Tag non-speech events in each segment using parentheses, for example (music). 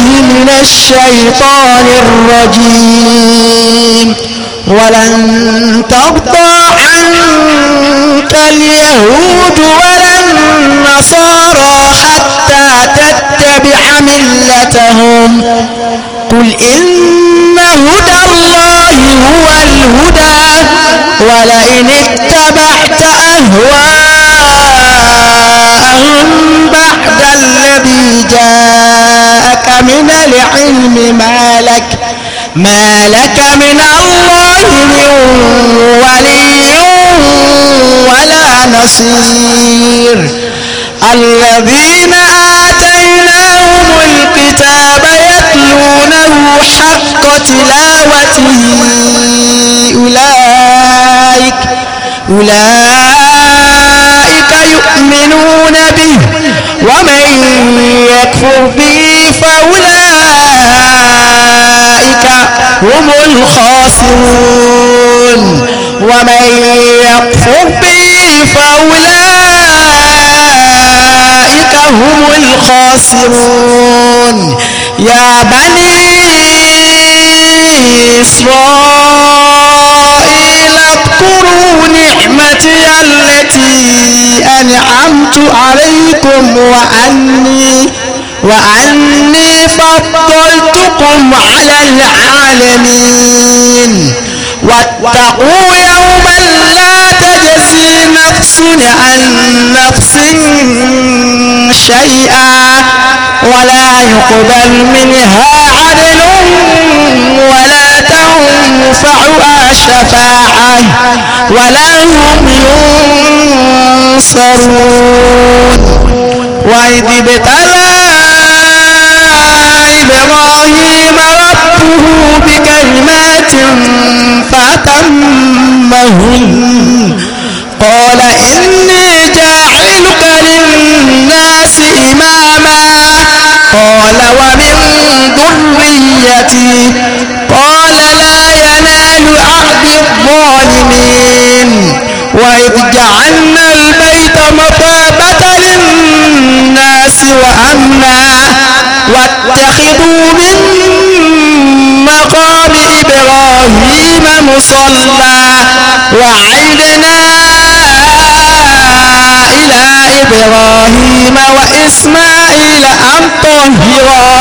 بالله من الشيطان الرجيم ولن ترضى عنك اليهود ولا النصارى حتى تتبع ملتهم قل إن هدى الله هو الهدى ولئن اتبعت أهواءهم بعد الذي جاء لك من العلم ما لك ما لك من الله من ولي ولا نصير الذين آتيناهم الكتاب يتلونه حق تلاوته أولئك أولئك يؤمنون به ومن يكفر به فأولئك هم الخاسرون ومن يكفر به فأولئك هم الخاسرون يا بني إسرائيل اذكروا نعمتي التي أنعمت عليكم وأني وأني فضلتكم على العالمين واتقوا يوما لا تجزي نفس عن نفس شيئا ولا يقبل منها عدل ولا تنفعها شفاعة ولا هم ينصرون وإذ ابتلى وأمنا واتخذوا من مقام إبراهيم مصلى وعيدنا إلى إبراهيم وإسماعيل أن طهرا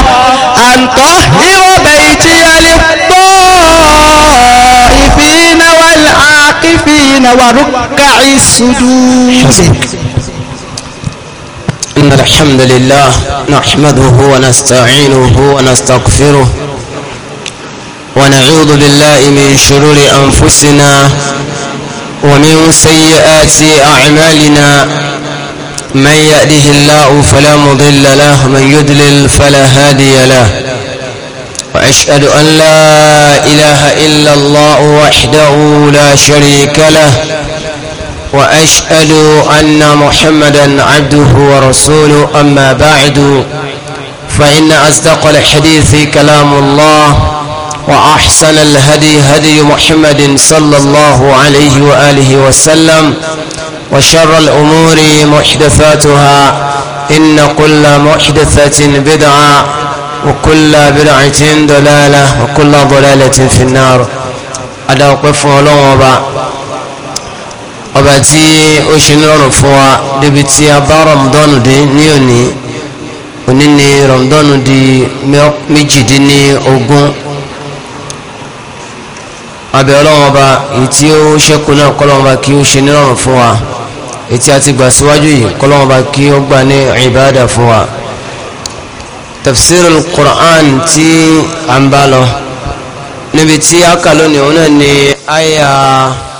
أن طهر بيتي للطائفين والعاكفين وركع السجود إن الحمد لله نحمده ونستعينه ونستغفره ونعوذ بالله من شرور أنفسنا ومن سيئات أعمالنا من يأله الله فلا مضل له من يدلل فلا هادي له وأشهد أن لا إله إلا الله وحده لا شريك له وأشهد أن محمدا عبده ورسوله أما بعد فإن أصدق الحديث كلام الله وأحسن الهدي هدي محمد صلى الله عليه وآله وسلم وشر الأمور محدثاتها إن كل محدثة بدعة وكل بدعة ضلالة وكل ضلالة في النار أدعوكم قفوا ọba tí ó ṣe ní rọrùn fún wa débi tí a bá rọmdọ́nù dé ní òní òní ni rọmdọ́nù di méjìdínlógún abẹ ọlọ́wọ́n ọba èyí tí ó ṣẹ́kù náà kọ́lọ́wọ́n ọba kí ó ṣe ní rọrùn fún wa èyí tí a ti gbà síwájú yìí kọ́lọ́wọ́n ọba kí ó gbà ní ìbáàdà fún wa tafsirul Qur'an tí a ń bá lọ níbi tí a kà lónìí òun náà ni àyà. Aya...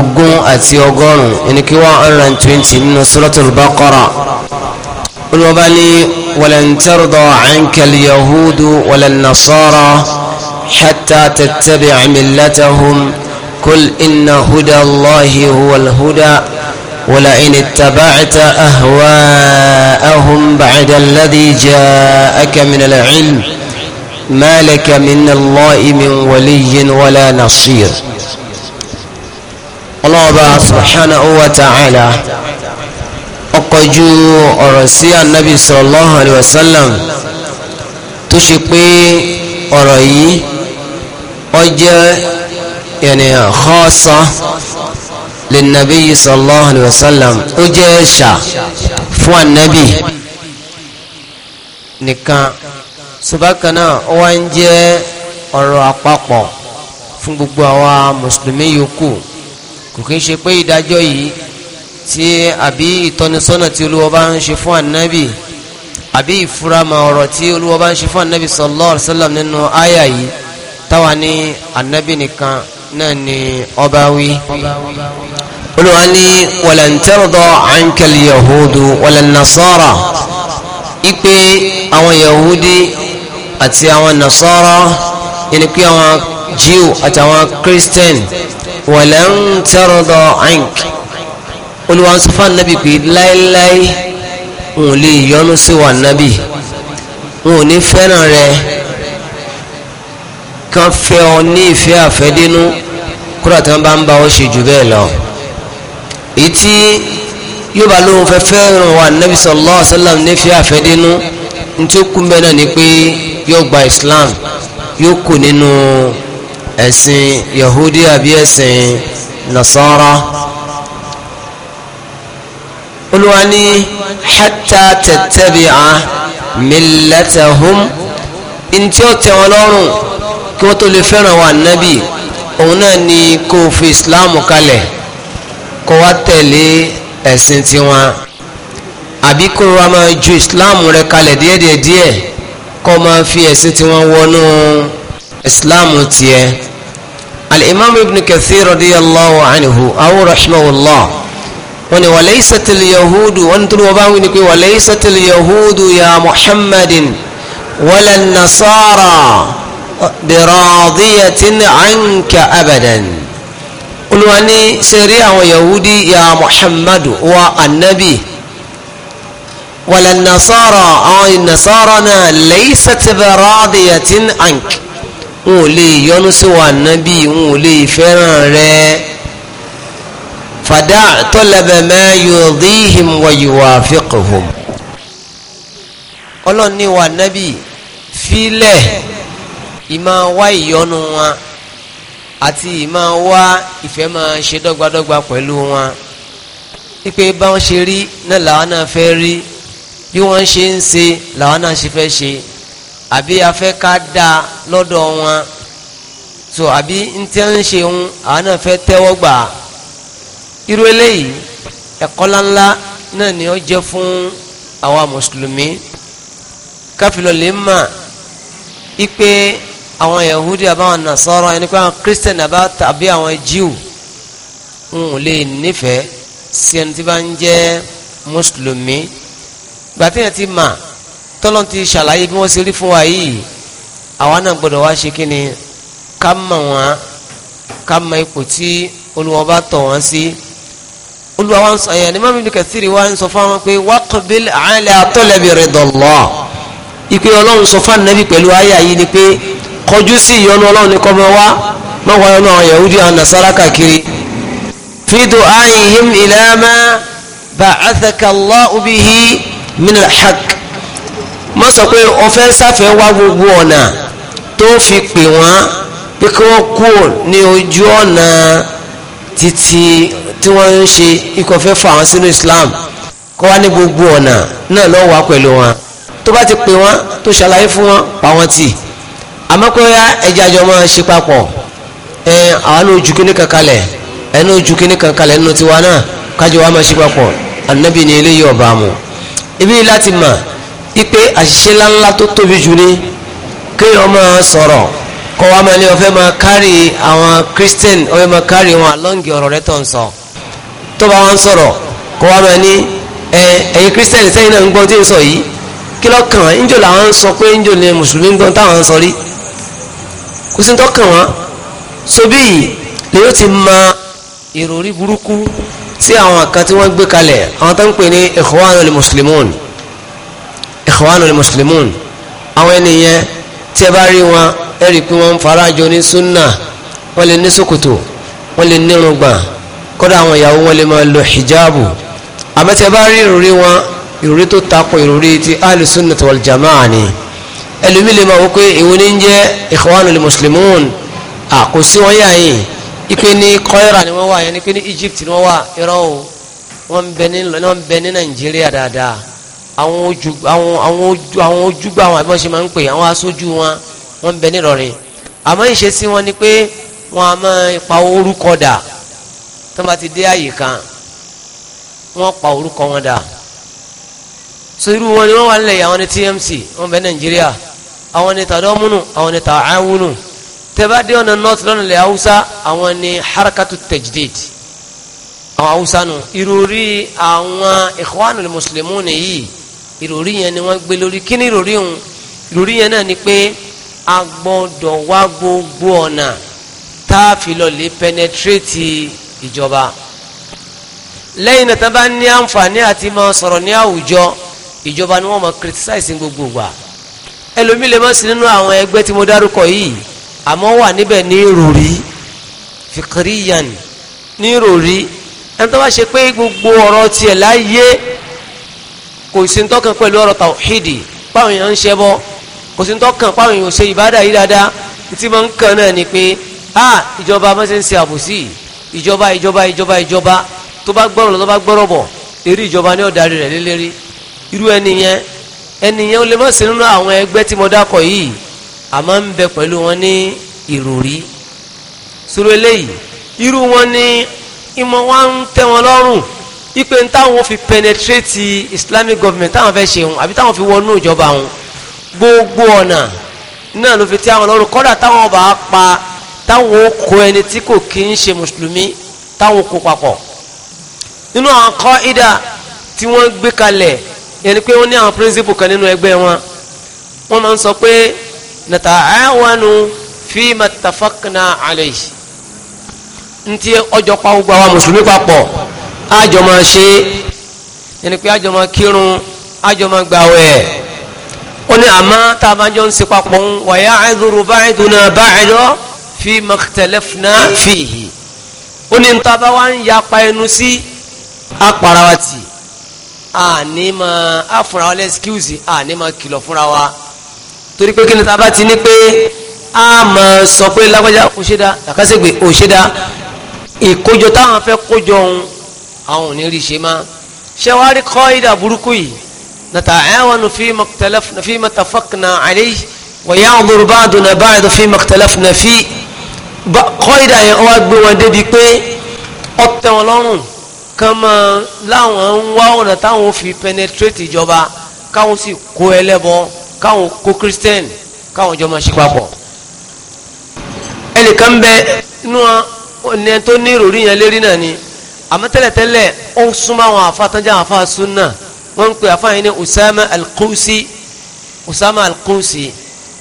ogún àti ọgọ́rùn ẹni kí one hundred and nínú suratul baqara olùwọ́ba walan tarda anka al-yahudu walan nasara hatta tattabi' millatahum kul inna huda allahi huwal huda ولئن اتبعت أهواءهم بعد الذي جاءك من العلم ما لك من الله من ولي ولا نصير ọlọ́ọ̀bá subhanahu wa ta'ala ọkọ̀jú ọ̀rọ̀ sí anabi sallallahu alayhi wa sallam tó ṣe pé ọ̀rọ̀ yìí ó jẹ́ yẹnì khassa lẹ́nàbí sallallahu alayhi wa sallam ó jẹ́ ṣà fún anabi nìkan subakana ó ń jẹ́ ọ̀rọ̀ àpapọ̀ fún gbogbo àwa mùsùlùmí yòókù kò kí ń ṣe pé ìdájọ́ yìí tí àbí ìtọ́nisọ́nà tí olúwa bá ń ṣe fún ànábì àbí ìfurama ọ̀rọ̀ tí olúwa bá ń ṣe fún ànábì sallallahu alaihi wasallam nínú àyà yìí táwa ní ànábì nìkan náà ni ọba wí. olúwa ní walan tarda ankal yahudu walan nasara àwọn yahudi àti àwọn nasara yẹn àwọn jew àti àwọn christian walan tarda anki olùwà ń sọ fún anabi pé láéláé n ò lè yọnu sí wa anabi n ò ní fẹ́ràn rẹ kan fẹ́ ọ ní ìfẹ́ àfẹ́dínú kúrò tí wọ́n bá ń bá ọ ṣe jù bẹ́ẹ̀ lọ èyí yóò bá lóun fẹ́ fẹ́ràn wa anabi sallallahu alaihi wasallam nífẹ́ àfẹ́dínú ní tí kú mbẹ́ náà ni pé yóò gba Islam yóò kù nínú. No ẹ̀sìn yahudi àbí ẹ̀sìn nasara olúwa ní hatta tattabi'a millatahum ntí ó tẹ́ wọn lọ́rùn kí wọ́n tó lè fẹ́ràn wa nábì òun náà ni kó fi islam kalẹ̀ kó wá tẹ̀lé ẹ̀sìn tiwọn àbí kó wa máa ju islam rẹ kalẹ̀ díẹ̀díẹ̀ díẹ̀ kó máa fi ẹ̀sìn tiwọn wọnú islam tiẹ̀. الإمام ابن كثير رضي الله عنه أو رحمه الله وليست اليهود وانتم وباوينك وليست اليهود يا محمد ولا النصارى براضية عنك أبدا قل أني سريع ويهودي يا محمد والنبي ولا النصارى أي آه، النصارى ليست براضية عنك n ò lè yọ́nú sí wa nábì n ò lè fẹ́ràn rẹ fàdá tọ́lẹ̀bẹ̀ máa yurdihim wa yuwafiquhum ọlọ́ni wa nábì fílẹ̀ ìmọ̀ wá ìyọ́nú wọn àti ìmọ̀ wá ìfẹ́ máa ṣe dọ́gbadọ́gba pẹ̀lú wọn wípé báwọn ṣe rí náà làwọn náà fẹ́ rí bí wọ́n ṣe ń ṣe làwọn náà ṣe fẹ́ ṣe àbí afẹ́ ká dá lọ́dọ̀ wọn so àbí n tẹ́ ń ṣe ń àwọn náà fẹ́ tẹ́wọ́ gbà irú eléyìí ẹ̀kọ́ ńláńlá náà ni ó jẹ́ fún àwa mùsùlùmí káfílọ̀ lè mà ipe àwọn yahudi àbáwọn nasara ẹni pé àwọn christian àbá tàbí àwọn jew ń lè nífẹ̀ẹ́ sí ẹni tí bá ń jẹ́ mùsùlùmí gbàtẹ́yìn ti mà tọ́lọ́n ti ṣàlàyé bí wọ́n ṣe rí fún wa yìí àwa náà gbọ́dọ̀ wá ṣe kí ni ká mọ̀ wọ́n ká mọ ipò tí olùwọ́n bá tọ̀ wọ́n sí olùwà wa ń sọ ẹ̀yàn ní mọ́mí ní kẹsìrì wa ń sọ fún wọn pé waqbil ala talabi ridallah ìpè ọlọ́run sọ fún ànábì pẹ̀lú àyà yìí ni pé kọjú sí ìyọnu ọlọ́run ní kọ́mọ wá mọ́wàá ọ̀nà àwọn yahudi àwọn nasara kàkiri. fi du'aihim ila ma ba'athaka Allahu bihi min al má sọ pé ọfẹ́ sáfẹ́ wá gbogbo ọ̀nà tó fi pè wọ́n pé kí wọ́n kú ní ojú ọ̀nà títí tí wọ́n ń ṣe ikọ̀ fẹ́ fà sínú Islam kọ́ wá ní gbogbo ọ̀nà náà lọ́wọ́ wá pẹ̀lú wọn tó bá ti pè wọ́n tó ṣàlàyé fún wọn pa wọ́n tì àmọ́ pé ya ẹja àjọ máa ṣe papọ̀ ẹ àwọn ní ojú kíní kan kalẹ̀ ojú kíní kan nínú tiwa náà kájọ wa máa ṣe papọ̀ ànábì ní eléyìí ọ̀bà ibi láti mà ipe àṣìṣe ńláńlá tó tóbi jù ni kéèyàn máa sọ̀rọ̀ kọ́ wa máa ní ọ̀fẹ́ máa kárì àwọn christian ọ̀fẹ́ máa kárì wọn àlọ́ǹgì ọ̀rọ̀ rẹ tó ń sọ tó bá wọn sọ̀rọ̀ kọ́ wa máa ní ẹ ẹ̀yin christian sẹ́yìn náà ń gbọ́ tí ń sọ yìí kí ló kàn án ńjò làwọn ń sọ pé ńjò ni mùsùlùmí ń gbọ́n táwọn ń sọ rí kò sí ń tọ́kàn wọn sobí yìí ni yóò ti ma ìròrí burúkú sí àwọn kan wọ́n gbé kalẹ̀ àwọn tó ń pè ní Ikhwanul Muslimun Ikhwanul Muslimun àwọn ènìyàn tí ẹ bá rí wọn ẹ rí i pé wọ́n ń farajọ ní súnà wọ́n lè ní ṣòkòtò wọ́n lè nírùngbà kódà àwọn ìyàwó wọn lè máa lo hijabu àbẹ́tẹ́ bá rí ìròrí wọn ìròrí tó takò ìròrí ti al-sunnah wal jama'a ni ẹlòmí lè máa wọ pé ìwọ ní ń jẹ́ Ikhwanul Muslimun àkòsí wọn yà yìí ipe ní Cairo ni wọ́n wà yẹn ní pé Egypt ni wọ́n wà irọ́ o wọ́n ń bẹ ní Nàìjíríà dáadáa àwọn ojú àwọn àwọn ojú àwọn ojúgbà àwọn àbí wọ́n ṣe máa ń pè àwọn aṣojú wọn wọ́n ń bẹ nírọ̀rẹ́ àmọ́ ìṣe sí wọn ni pé wọ́n á máa pa orúkọ dà tó bá ti dé àyè kan wọ́n pa orúkọ wọn dà so irú wọn ni wọ́n wà nílẹ̀ yìí àwọn ní TMC wọ́n bẹ Nàìjíríà àwọn ní tàdọ́múnù àwọn ní tàáwúnù tẹ́bá dé ọ̀nà north lọ́nà ilẹ̀ haúsá àwọn ni harakatu tajdid àwọn haúsá nù ìròrí àwọn ikhwanul muslimuni nìyí ìròrí yẹn ni wọ́n gbé lórí kí ni ìròrí òun ìròrí yẹn náà ni pé a gbọ́dọ̀ wá gbogbo ọ̀nà tá a fi lọ lè penetrate ìjọba lẹ́yìn náà tán bá ní àǹfààní àti máa sọ̀rọ̀ ní àwùjọ ìjọba ni wọ́n máa criticize gbogbo wa ẹlòmíì lè má sí nínú àwọn ẹgbẹ́ tí mo dárúkọ yìí àmọ́ wà níbẹ̀ ní ìròrí fikiriyan ní ìròrí ẹni tó bá ṣe pé gbogbo ọ̀rọ̀ tiẹ̀ láyé kò sí ntọ́kàn pẹ̀lú ọ̀rọ̀ tàwíìdì páwọn èèyàn ń ṣẹ́ bọ́ kò sí ntọ́kàn páwọn èèyàn ò ṣe ìbádà yìí dáadáa títí máa ń kàn náà ni pé a ìjọba máa ń ṣe ń ṣe àbòsí ìjọba ìjọba ìjọba ìjọba tó bá gbọ́rọ̀ lọ tó bá gbọ́rọ̀ bọ̀ eré ìjọba ni ó darí rẹ̀ lélẹ́rí irú ẹni yẹn ẹni lè má sí nínú àwọn ẹgbẹ́ tí mo dákọ̀ yìí àmọ́ ń bẹ pẹ̀lú wọn ní ìròrí sọ̀rọ̀ eléyìí irú wọn ni ìmọ̀ wa ń tẹ́ wọn lọ́rùn ipe táwọn fi penetrate islamic government táwọn fẹ́ ṣe wọn àbí táwọn fi wọnú ìjọba wọn gbogbo ọ̀nà náà ló fi tí àwọn lọ́rùn kọ́dà táwọn bá pa táwọn kó ẹni tí kò kí ń ṣe mùsùlùmí táwọn kó papọ̀ nínú àwọn kọ́ ìdá tí wọ́n gbé kalẹ̀ yẹni pé wọ́n ní àwọn principle kan nínú ẹgbẹ́ wọn wọ́n máa ń sọ pé nata'awanu fi mattafaqna alayhi ntí ọjọ́ pa gbogbo àwọn mùsùlùmí papọ̀ àjọ máa ṣe ẹni pé àjọ máa kírun àjọ máa gbàwẹ̀ ó ní àmọ́ tá a máa jọ ń ṣe papọ̀ ń wàyà àìdúró báyìdúnà báyìdọ́ fi mọ̀tẹ́lẹ́fúnà fìhì ó ní níta bá wá ń yapa ẹnu sí aparawati àní máa àfúnra wa lẹ́skíwùsì àní máa kìlọ̀ fúnra wa torí pé kí ni tá bá ti ní pé a mọ̀ sọ pé lágbájá òṣèdá làkàṣègbè òṣèdá ìkójọ táwọn fẹ́ kójọ ohun àwọn ò ní rí ṣe má ṣé wàá rí kọ́ ìdá burúkú yìí nata'awanu fi mattafaqna alayhi wa ya'dhur ba'duna ba'd fi maktalafna fi kọ́ ìdá yẹn wá gbé wọn débi pé ọ̀tẹ̀ wọn lọ́rùn kan máa láwọn ń wá ọ̀nà táwọn fi penetrate ìjọba káwọn sì kó ẹlẹ́bọ káwọn kó christian káwọn jọ máa ṣe papọ̀ ẹnìkan bẹ inú ẹni tó ní ìròrí yẹn lérí náà ni àmọ́ tẹ́lẹ̀tẹ́lẹ̀ ó ń súnmọ́ àwọn àfàtánjá àfà súnà wọ́n ń pè àfà yẹn ní Usama al Usama al-Qusi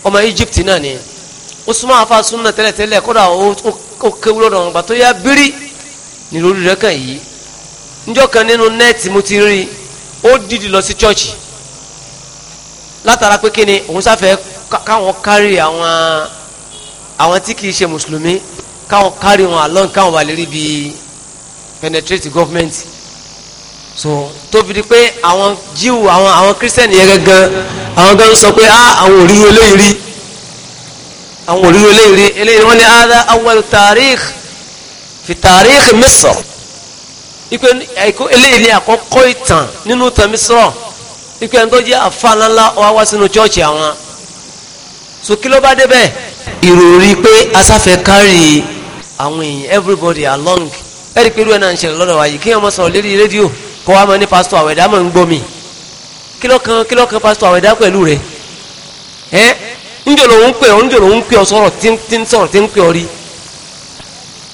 ọmọ Egypt náà ni ó súnmọ́ àfà súnà tẹ́lẹ̀tẹ́lẹ̀ kódà ó kéwú lọ́dọ̀ wọn gbà tó yá bírí ní lórí rẹ̀ kàn yìí níjọ́ kan nínú nẹ́ẹ̀tì mo ti rí ó dìdì lọ sí chọ́ọ̀chì látara pé kíni òun sáfẹ́ káwọn kárí àwọn àwọn tí kì í ṣe mùsùlùmí káwọn kárí wọn àlọ́ penetrate government so tóbi di pé àwọn jíwù àwọn àwọn christian yẹn gangan àwọn gan sọ pé ah àwọn òrírí eléyìí rí àwọn òrírí eléyìí rí eléyìí wọn ni ada awal tarikh fi tarikh Misr ipe eléyìí ni àkọ́kọ́ ìtàn nínú ìtàn Misr ipe ẹni tó jẹ́ àfàlànlá wá wá sínú chọ́ọ̀chì àwọn so kí ló bá débẹ̀ ìròrí pé asáfẹ́ kárì àwọn èèyàn everybody along ẹ̀rí pé irú ẹ̀ náà ń ṣẹlẹ̀ lọ́dọ̀ wa yìí kí wọ́n sọ̀rọ̀ lérí rédíò kọ́ wa mọ ní pásítọ̀ àwẹ̀dá mọ̀ ń gbọ́ mi kílọ̀kan kílọ̀kan pásítọ̀ àwẹ̀dá pẹ̀lú rẹ̀ ẹ́ ńjọ́ lòun pè ọ́ ńjọ́ lòun pè ọ́ sọ̀rọ̀ tí ń sọ̀rọ̀ tí ń pè ọ́ rí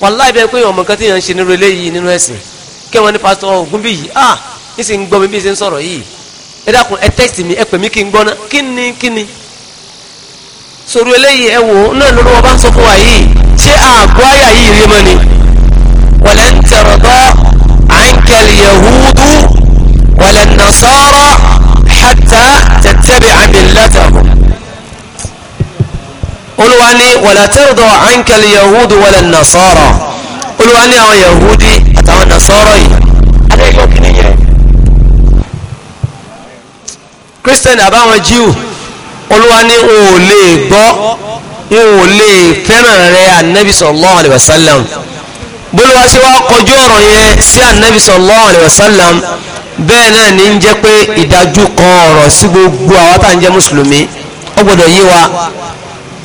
wàláì bẹ́ẹ̀ pé ọmọ nǹkan tí yẹn ń ṣe nínú eléyìí nínú ẹ̀sìn kí wọ́n ní pásítọ̀ ògún bí yìí ah ní gbọ́ mi bí ṣe sọ̀rọ̀ yìí ẹ dákun ẹ tẹ́sítì mi ẹ pè mí kí n gbọ́ ná kí ni kí ni sọ̀rọ̀ eléyìí ẹ wò ó náà lórí bá ń sọ fún wa yìí ṣé àgọ́ àyà yìí rí mọ́ ni. ولن ترضى عنك اليهود ولا النصارى حتى تتبع ملتهم Olúwa ní ولا ترضى عنك اليهود ولا النصارى Olúwa ní àwọn yahudi àtàwọn nasọ́rọ̀ yìí adéyọ̀ kìíní yẹn christian àbáwọn Júù Olúwa ní wọn ò lè gbọ́ wọn ò lè fẹ́ràn rẹ̀ anabi sallallahu alayhi wa sallam bólúwa ṣe wá kọjú ọ̀rọ̀ yẹn sí anabi sallallahu alayhi wa sallam bẹ́ẹ̀ náà ní ń jẹ́ pé ìdájú kan ọ̀rọ̀ sí gbogbo àwọn tá à ń jẹ́ mùsùlùmí ó gbọ́dọ̀ yé wa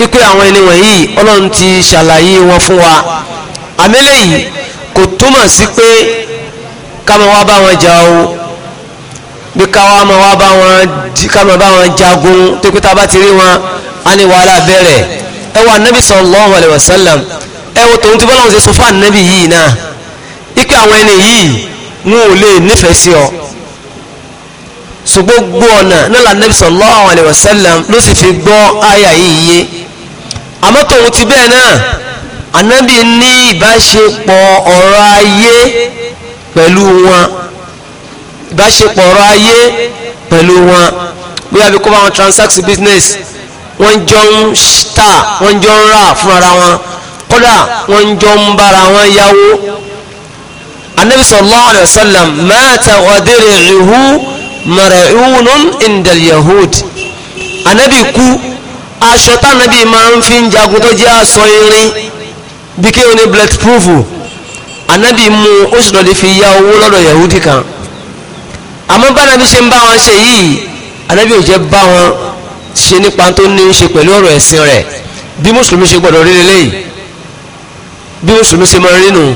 wípé àwọn ẹni wọ̀nyí ọlọ́run ti ṣàlàyé wọn fún wa àmẹ́lẹ̀ kò túmọ̀ sí pé ká wá bá wọn jà o bí ká wá bá wọn ká máa bá wọn jagun tó pé tá bá ti rí wọn á ní wàhálà bẹ̀rẹ̀ ẹ wà nabi sallallahu alayhi ẹ wo tòun ti bọ́lá wọn ṣe sọ fún ànábì yìí náà ipe àwọn ẹni yìí wọn ò lè nífẹ̀ẹ́ sí ọ ṣùgbọ́n ọ̀nà náà la ànábì sallallahu alaihi wasallam ló sì fi gbọ́ àyà yìí yé àmọ́ tòun ti bẹ́ẹ̀ náà ànábì ní ìbáṣepọ̀ ọ̀rọ̀ ayé pẹ̀lú wọn ìbáṣepọ̀ ọ̀rọ̀ ayé pẹ̀lú wọn bóyá bí kó bá wọn transact business wọ́n jọ ń ta kódà wọ́n jọ ń bára wọn yáwó anabi sallallahu alayhi wa sallam mata wadiri ihu mara'unun indal yahud anabi kú aṣọ tánabi máa ń fi ń jagun tó jẹ́ aṣọ irin bí kí ni bulletproof anabi mú ó sì lọ́ọ́ fi yá owó lọ́dọ̀ yahudi kan àmọ́ bá anabi ṣe ń bá wọn ṣe yìí anabi ò jẹ́ bá wọn ṣe nípa tó ní í ṣe pẹ̀lú ọ̀rọ̀ ẹ̀sìn rẹ̀ bí mùsùlùmí ṣe gbọ́dọ̀ rí lélẹ́yìí bí mùsùlùmí ṣe máa rí nù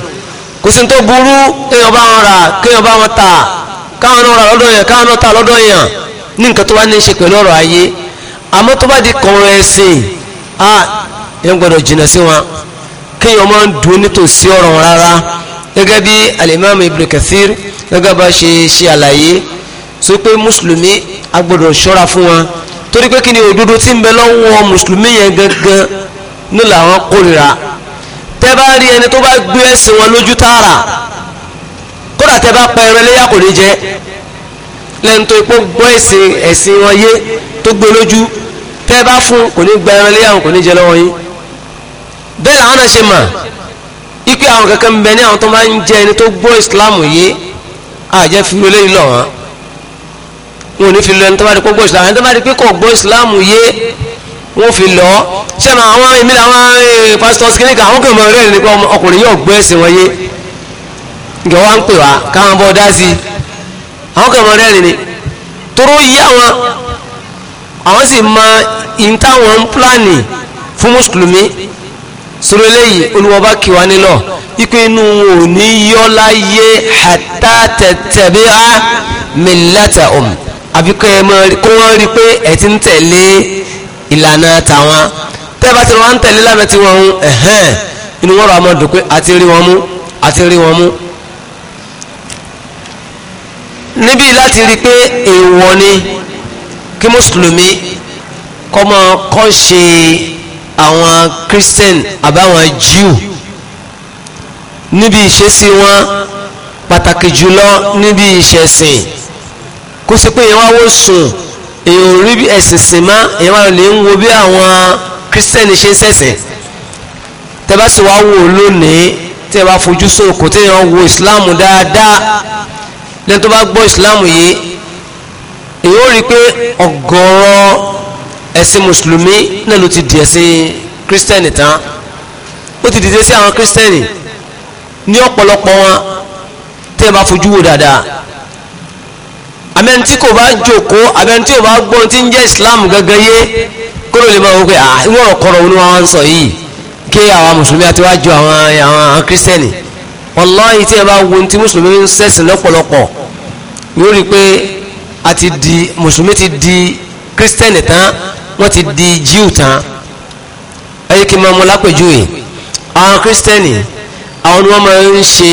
kò sí tó burú kéèyàn bá wọn rà kéèyàn bá wọn tà káwọn náà rà lọ́dọ̀ yẹn káwọn náà tà lọ́dọ̀ yẹn ní nǹkan tó bá ní í ṣe pẹ̀lú ọ̀rọ̀ ayé àmọ́ tó bá di kọ̀ọ̀rọ̀ ẹ̀sìn a yẹn gbọ́dọ̀ jìnnà sí wọn kéèyàn máa ń dùn nítòsí ọ̀rọ̀ rárá gẹ́gẹ́ bí alimami Ibn Kathir gẹ́gẹ́ bá ṣe ṣe àlàyé sọ pé mùsùlùmí a gbọ́dọ̀ ṣọ́ra fún wọn torí pé kí ni òdodo tí ń bẹ lọ́wọ́ mùsùlùmí yẹn gangan ní làwọn kórìíra tẹ́ bá rí ẹni tó bá gbé ẹ̀sìn wọn lójú tààrà kódà tẹ́ bá pa ẹran léyà kò ní jẹ lẹ́nu tó ipò gbọ́ ẹ̀sìn ẹ̀sìn wọn yé tó gbé lójú tẹ́ bá fún kò ní gba ẹran léyà kò ní jẹ lọ́wọ́ yín bẹ́ẹ̀ làwọn náà ṣe mà ipe àwọn kankan ń bẹ ní àwọn tó máa ń jẹ ẹni tó gbọ́ Islam yé àjẹ́ fi lólé yìí lọ wọn ò ní fi lọ ẹni tó bá rí kó gbọ́ Islam ẹni tó bá rí pé kò gbọ́ Islam yé. wọ́n fi lọ sẹ́nu àwọn èmi làwọn eh, pásítọ̀ sikiníkà àwọn kìlọ̀ rẹ̀ nípa ọkùnrin yóò gbé ẹ̀sìn wọn yé ìjọ wa ń pè wá káwọn bọ́ dá sí àwọn kìlọ̀ rẹ̀ ni toró yí àwọn àwọn sì mọ ìyìn táwọn pílánì fún mùsùlùmí eléyìí olùwọ́ba inú wọn ò ní yọ́ láyé àbíkọ́ ẹ̀ mọ́ kó wọ́n rí pé ẹ̀ ti ń ìlànà tàwọn tẹ́ẹ̀bá tí wọ́n ń tẹ̀lé lánàá tí wọ́n ń ẹ̀hẹ́n inú wọ́n rọ àmọ́ dùn pé àti rí wọn mú àti rí wọn mú. níbí láti rí i pé èèwọ̀ ni kí mùsùlùmí kọ́ kọ́ ṣe àwọn christian àbáwọn jew níbi ìṣesí wọn pàtàkì jùlọ níbi ìṣẹ̀sìn kó sì pé ìwọ́n wò sùn èyàn ò rí ẹ̀sìn sìn má èyàn máa lè ń wo bí àwọn kírísítẹ́nì ṣe ń ṣẹ̀sìn tẹ bá sì wá wò lónìí tí ẹ bá fojú sóòkò tí èyàn wo ìsìláàmù dáadáa lẹ́yìn tó bá gbọ́ ìsìláàmù yìí èyàn ò rí pé ọ̀gọ̀rọ̀ ẹ̀sìn mùsùlùmí náà ló ti di ẹ̀sìn kírísítẹ́nì tán ó ti dìde sí àwọn kírísítẹ́nì ní ọ̀pọ̀lọpọ̀ wọn tí ẹ bá fojú wò dáadáa abẹ́ni tí kò bá jókòó abẹ́ni tí ò bá gbọ́n tí ń jẹ́ islam gangan yé kóró lè máa wọ pé ìwọ̀n ọ̀kọ̀rọ̀ òun wa ń sọ yìí kí àwọn mùsùlùmí àti wájú àwọn àwọn kírísítẹ́nì wàláhì tí ẹ bá wo tí mùsùlùmí ń sẹ̀sìn lọ́pọ̀lọpọ̀ yóò rí i pé àti di mùsùlùmí ti di kírísítẹ́nì tán wọ́n ti di jíù tán ẹ̀yìn kí n máa mú lápèjúwe àwọn kírísítẹ́nì àwọn ni wọ́n máa ń ṣe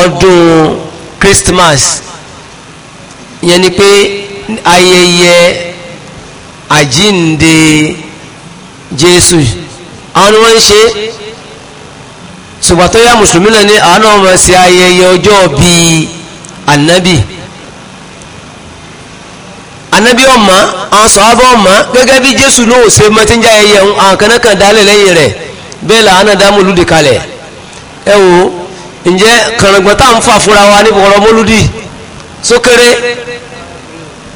ọdún christmas ìyẹn ni pé ayẹyẹ àjínde Jésù àwọn ni wọ́n ń ṣe ṣùgbọ́n tó yá mùsùlùmí náà ní àwọn náà máa ṣe ayẹyẹ ọjọ́ bíi ànábì ànábì ọmọ àwọn sọ̀hábà ọmọ gẹ́gẹ́ bí Jésù náà ò ṣe mọ́ tí ń jẹ́ ayẹyẹ àwọn kan náà kàn dálẹ̀ lẹ́yìn rẹ̀ bẹ́ẹ̀ làwọn náà dá mọ́lúdì kalẹ̀ ẹ wo ǹjẹ́ kànáńgbọ́n táwọn fà fúnra wa níbi ọ̀rọ̀ mọ́lúdì sókéré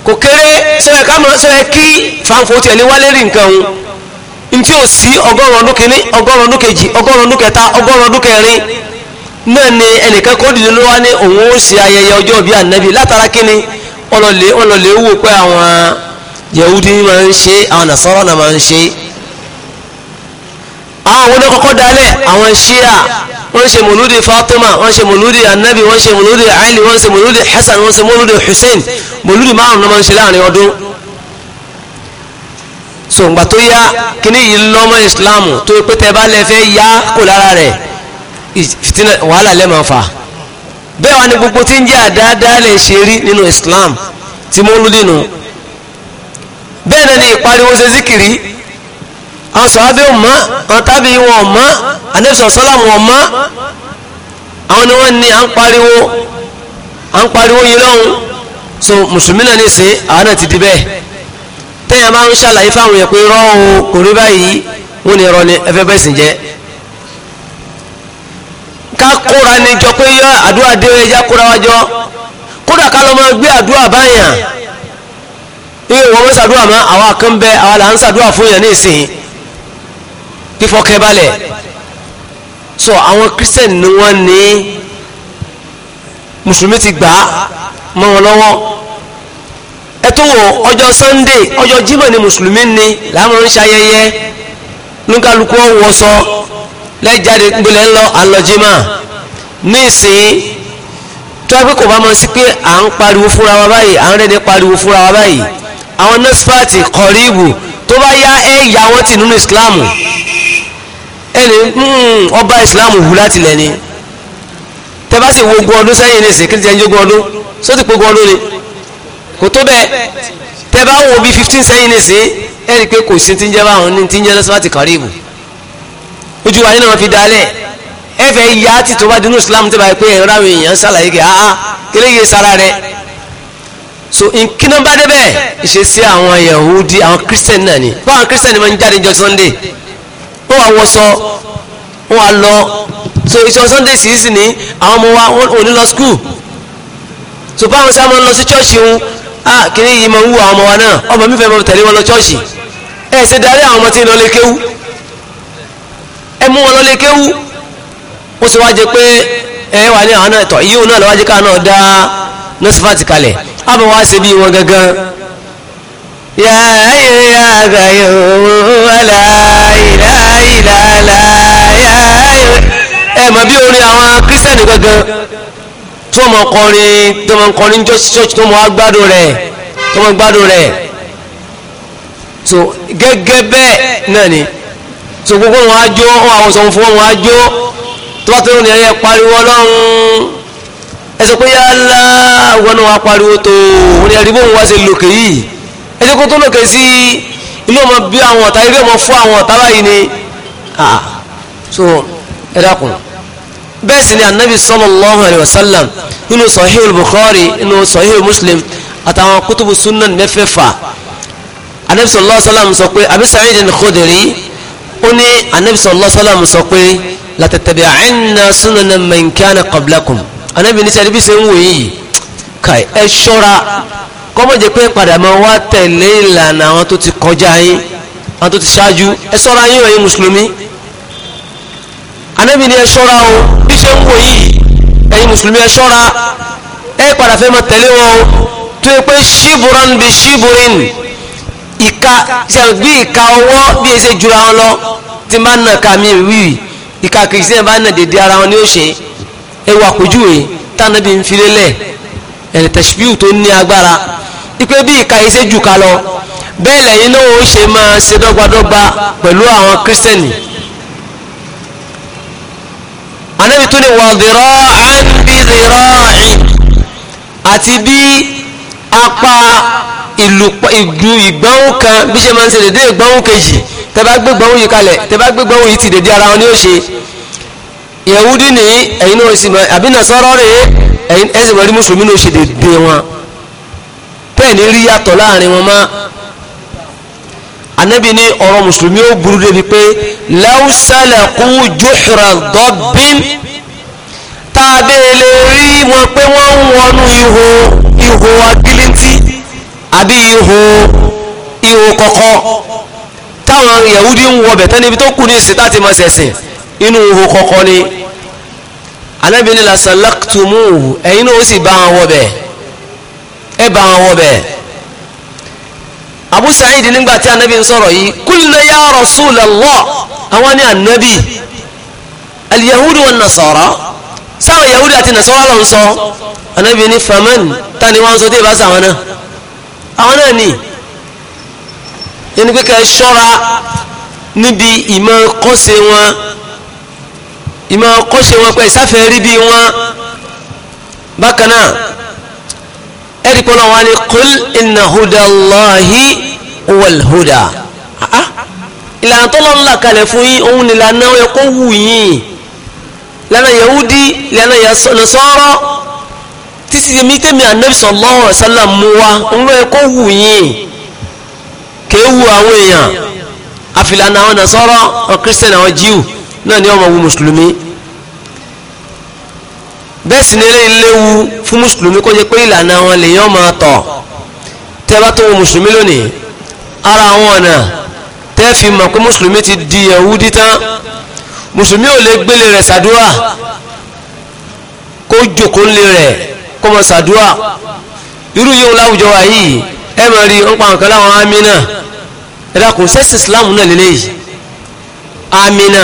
kò kéré sọ́yẹ káàmù sọ́yẹ kí fanfo tiẹ̀ lé wálé rí nǹkan òun ntí ò sí ọgọ́rùn ọdún kìíní ọgọ́rùn ọdún kejì ọgọ́rùn ọdún kẹta ọgọ́rùn ọdún kẹrin náà ni ẹnìkan kó dìde ló wá ní òun ó ṣe ayẹyẹ ọjọ́ bíi ànábì látara kíni ọlọ́lẹ̀ ọlọ́lẹ̀ wò pé àwọn yahudi máa wọ́n ṣe mòlúdì Fatima wọ́n ṣe mòlúdì Annabi wọ́n ṣe mòlúdì Ali wọ́n ṣe mòlúdì Hasan wọ́n ṣe mòlúdì Hussein mòlúdì márùn náà máa ń ṣe láàrin ọdún so ìgbà tó yá kíní yìí lọ́mọ ìsìláàmù tó pé tẹ bá lẹ fẹ́ yá kò lára rẹ̀ fìtínà wàhálà lẹ́mọ̀ fà bẹ́ẹ̀ wá gbogbo tí ń jẹ́ àdáadáa lè ṣe rí nínú Islam tí mòlúdì nù bẹ́ẹ̀ náà ni ìpariwo ṣe zikiri àwọn sọ̀hábẹ́ ọmọ àwọn tábì wọn ọmọ anẹ́bísọ̀ ọmọ àwọn ni wọ́n ní à ń pariwo à ń pariwo yìí lọ́hùn so mùsùlùmí náà ní àwọn náà ti di bẹ́ẹ̀ tẹ́yìn máa ń ṣàlàyé fáwọn yẹn pé rọ́ọ̀ kò rí báyìí ni ẹfẹ́ bẹ́ẹ̀ sì jẹ́ ká kóra ni jọ pé yọ àdúrà dé ẹja kóra wájọ kódà ká lọ máa gbé àdúrà báyà fífọkẹ́balẹ̀ so àwọn christian ni wọ́n ní mùsùlùmí ti gbà á mọ́ wọn lọ́wọ́ ẹ tó wò ọjọ́ sunday ọjọ́ jímọ̀ ni mùsùlùmí ni làwọn ń ṣayẹyẹ lókàlùkù ọ̀wọ́ sọ lẹ́jáde gbélé ńlọ àlọ́jímọ̀ ní ìsìn tó wá pé kò bá mọ̀ sí pé à ń pariwo fúnra wa báyìí à ń rẹ́ni pariwo fúnra wa báyìí àwọn nọ́sípàtì kọ̀ríbù tó bá yá ẹ̀yà wọn ti nínú ìsìláàmù ẹni hmm, ọba ìsìláàmù hù láti lẹ̀ ni tẹ́bá sì wo ogún ọdún sẹ́yìn ní ìsìn kí ti ẹni ogún ọdún só ti pogun ọdún ni kò tó bẹ́ẹ̀ tẹ́bá wo bí fifteen sẹ́yìn ní ìsìn ẹni pé kò sí ti ń jẹ́ báwọn ní ti ń jẹ́ lọ́sọ́láti kárìbù ojú wa nínú wọn fi dalẹ̀ ẹ fẹ́ ya ti tó bá dínú ìsìláàmù tẹ́bá pé ẹ̀rọ àwọn èèyàn ṣàlàyé kì áá kéléyè sára rẹ̀ so nkínábàdébẹ̀ ìṣesí àwọn Yahudi àwọn Christian náà ni báwọn Christian ni wọ́n ń jáde jọ Sunday wọ́n wá wọ́sọ wọ́n wá lọ so ìṣọ́ sunday sì sì ní àwọn ọmọ wa ò ní lọ school so báwọn sá máa ń lọ sí chọ́ọ̀ṣì ń ah kìnní yìí máa ń wú àwọn ọmọ wa náà ọmọ mi fẹ́ máa tẹ̀lé wọn lọ chọ́ọ̀ṣì ẹ ṣe darí àwọn ọmọ tí ń lọ lé kéwú ẹ mú wọn lọ lé kéwú ó sì wá jẹ pé ẹ wà ní àwọn náà tọ̀ yíò náà lọ́wọ́ jẹ́ káà náà dá nọ́sífàtì kalẹ̀ á bọ̀ wá ṣe bí wọn gangan يا حي يا قيوم ولا إله إلا لا يا ẹ mọ̀ bí orin àwọn kírísítẹ́nì gangan tó mọ̀ kọrin tó mọ̀ kọrin church tó mọ̀ agbádùn rẹ̀ tó mọ̀ gbádùn rẹ̀ so gẹ́gẹ́ bẹ́ẹ̀ náà ni so gbogbo wọn á jó wọn àwọn sọ̀rọ̀ fún wọn á jó tó bá tó ní ẹyẹ pariwo ọlọ́run ẹ sọ pé yálà wọn náà wá pariwo tó wọn ni ẹ̀rí bóun wá ṣe lòkè yìí ẹjẹ́ kó tó lókè sí inú ọmọ bí àwọn ọ̀tá ilé ọmọ fún àwọn ọ̀tá báyìí ni ah, ah. so ẹ dákun bẹ́ẹ̀ sì ni anabi sallallahu alayhi wa sallam nínú sahihul bukhari nínú sahihul muslim àtàwọn kutubu sunan mẹ́fẹ̀ẹ̀fà anabi sallallahu alayhi wa sallam sọ pé abi sa'id al-khudri ó ní anabi sallallahu alayhi wa sallam sọ pé latatabi'anna sunana man ní sẹ́ni kọ́mọ̀ jẹ́ pé padà máa wá tẹ̀lé ìlànà àwọn tó ti kọjá yín àwọn tó ti ṣáájú ẹ ṣọ́ra yín wọ̀nyí mùsùlùmí anábì ni ẹ ṣọ́ra o bí ṣe ń wò yìí ẹ̀yin mùsùlùmí ẹ ṣọ́ra ẹ padà fẹ́ máa tẹ̀lé wọn o tó yẹ pé ṣíburan bí ṣíburin ìka bí ìka ọwọ́ bí ẹ ṣe jura wọn lọ tí máa nà ká mi wí ìka kìí sẹ́yìn bá nà dédé ara wọn ni ó ẹ wà pèjúwe tánàbí ń filélẹ̀ ẹ̀rẹ̀ tẹ̀síbíù tó ní agbára ipe bí ìka iṣẹ́ jù ká lọ bẹ́ẹ̀ lẹ́yìn náà ó ṣe máa ṣe dọ́gbadọ́gba pẹ̀lú àwọn kírísítẹ́nì anábì tó ní wà dìrọ́ àǹbí dìrọ́ ìn àti bí apá ìlú ìgbọ́hún kan bí ṣe máa ń ṣe dédé ìgbọ́hún kejì tẹ́ gbé gbọ́hún yìí kalẹ̀ tẹ́ gbé gbọ́hún yìí ti dédé ara wọn ni ó ṣe yẹ̀wúdí ni ẹ̀yin náà ó sì àbí nàṣọ́rọ́ rèé ẹ̀yin ẹ̀sìn mọ̀ mùsùlùmí ni ṣe dédé wọn tẹ́ẹ̀ni rí yàtọ̀ láàrin wọn mọ́ anabi ní ọ̀rọ̀ mùsùlùmí ó burú débi pé lẹ́wùsálẹ̀kú jùhùrà dọ́bìn tàbílẹ̀ rí wọn pé wọ́n ń wọnú ihò ihò agilintí àbí ihò ihò kọ̀kọ̀ táwọn yahudi ń wọ bẹ̀tẹ́ níbi tó kù ní ìsìn láti mọ̀ sẹ̀sìn inú ihò kọ̀kọ̀ ni anabi ní lasalaktumu ẹ̀yin náà ó sì bá wọn wọ bẹ́ẹ̀ ẹ bá wọn wọ bẹ́ẹ̀ Abu Sa'id nígbà tí anabi ń sọ̀rọ̀ yìí kulna ya Rasulallah àwọn ní anabi aliyahudu wa nasara sáwọn yahudu àti nasara ló ń sọ anabi ní faman tani wọn sọ tí ìbá sàwọn náà àwọn náà ni yẹn ni pé kẹ́ ẹ níbi ìmọ̀ kọ́ṣe wọn ìmọ̀ kọ́ṣe wọn pé ìsáfẹ́ rí bí wọn bákan náà ẹ̀rí kọ́ náà wọ́n ní kul inna hudallahi wal huda ah, ah. ìlànà tó lọ́nà kalẹ̀ fún yín òun nìlànà ẹ̀ kó wù yín lànà yahudi lànà nasọ́rọ́ títí mi tẹ́mi anabi sallallahu alaihi wasallam mú wa òun lọ́ ẹ̀ wù yín kèé àwọn èèyàn àfìlànà àwọn nasọ́rọ́ àwọn kírísítẹ̀nì àwọn jíù náà ni wọ́n máa wu mùsùlùmí bẹ́ẹ̀ sì ni eléyìí léwu fún mùsùlùmí kó jẹ́ pé ìlànà wọn lèèyàn máa tọ̀ tẹ́ bá tó wọn mùsùlùmí lónìí ara àwọn ọ̀nà tẹ́ fi mọ̀ pé mùsùlùmí ti di Yẹhudi tán mùsùlùmí ò lè gbélé rẹ̀ sàdúrà kó jòkó ńlẹ̀ rẹ̀ kó mọ̀ sàdúrà irú yóò láwùjọ wa yìí ẹ mọ̀ rí ń pa nǹkan láwọn amínà ẹ dákun sẹ́sì Islam náà lélẹ́yìí amínà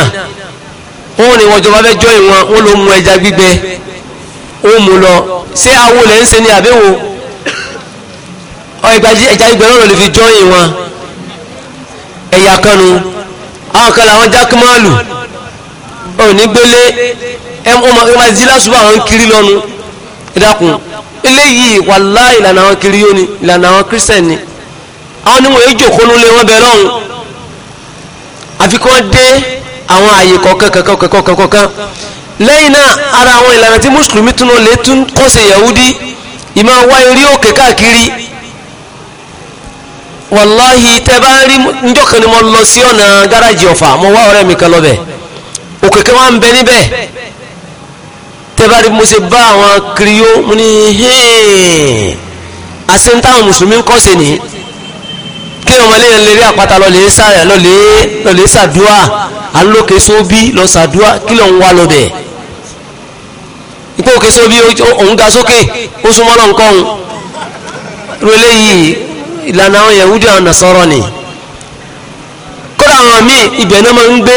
wọn ò wọ́n jọba fẹ́ jọ ìwọ̀n wọn ló mú ẹja gbígbẹ ó mú lọ ṣé awo lẹ́ ń ṣe ni àbẹ́wò ẹja ìgbẹ́rún ló lè fi jọ́yìn wọn ẹ̀yà kanu àwọn kan làwọn jákèmọ́ọ̀lù òní gbélé ọmọ zi lásùbà àwọn kiri lọ́nu ìdákun eléyìí wàlá ìlànà àwọn kiri yóò ni ìlànà àwọn kírísítẹ̀n ni àwọn oníwọ̀n yóò jòkó nulẹ̀ wọn bẹ̀ lọ́hùn àfi kí wọ́n dé àwọn àyè kọ̀ọ̀kan kọ̀ọ̀kan kọ̀ọ̀kan kọ̀ọ̀kan lẹ́yìn ara àwọn ìlànà tí mùsùlùmí tún lè tún kọ́ sí yahudi ìmọ̀ wá eré òkè káàkiri wàláhì tẹ́ bá rí níjọ́ kan ni mo lọ sí ọ̀nà gáràjì ọ̀fà mo wá ọ̀rẹ́ mi kan lọ́bẹ̀ òkè wá ń bẹ níbẹ̀ tẹ́ rí mo ṣe bá àwọn kiriyó mo ní hẹ́ẹ̀ àṣẹ mùsùlùmí ń ni kí ọmọ ilé yẹn lè rí àpáta lọ lè sàdúà alókè sóbí lọ nípa òkè sóbi òun ga sókè ó súnmọ́ náà nǹkan òun rẹlẹ́ yìí ìlànà àwọn Yahudi àwọn Nasara ni kódà àwọn míì ibẹ̀ náà máa ń gbé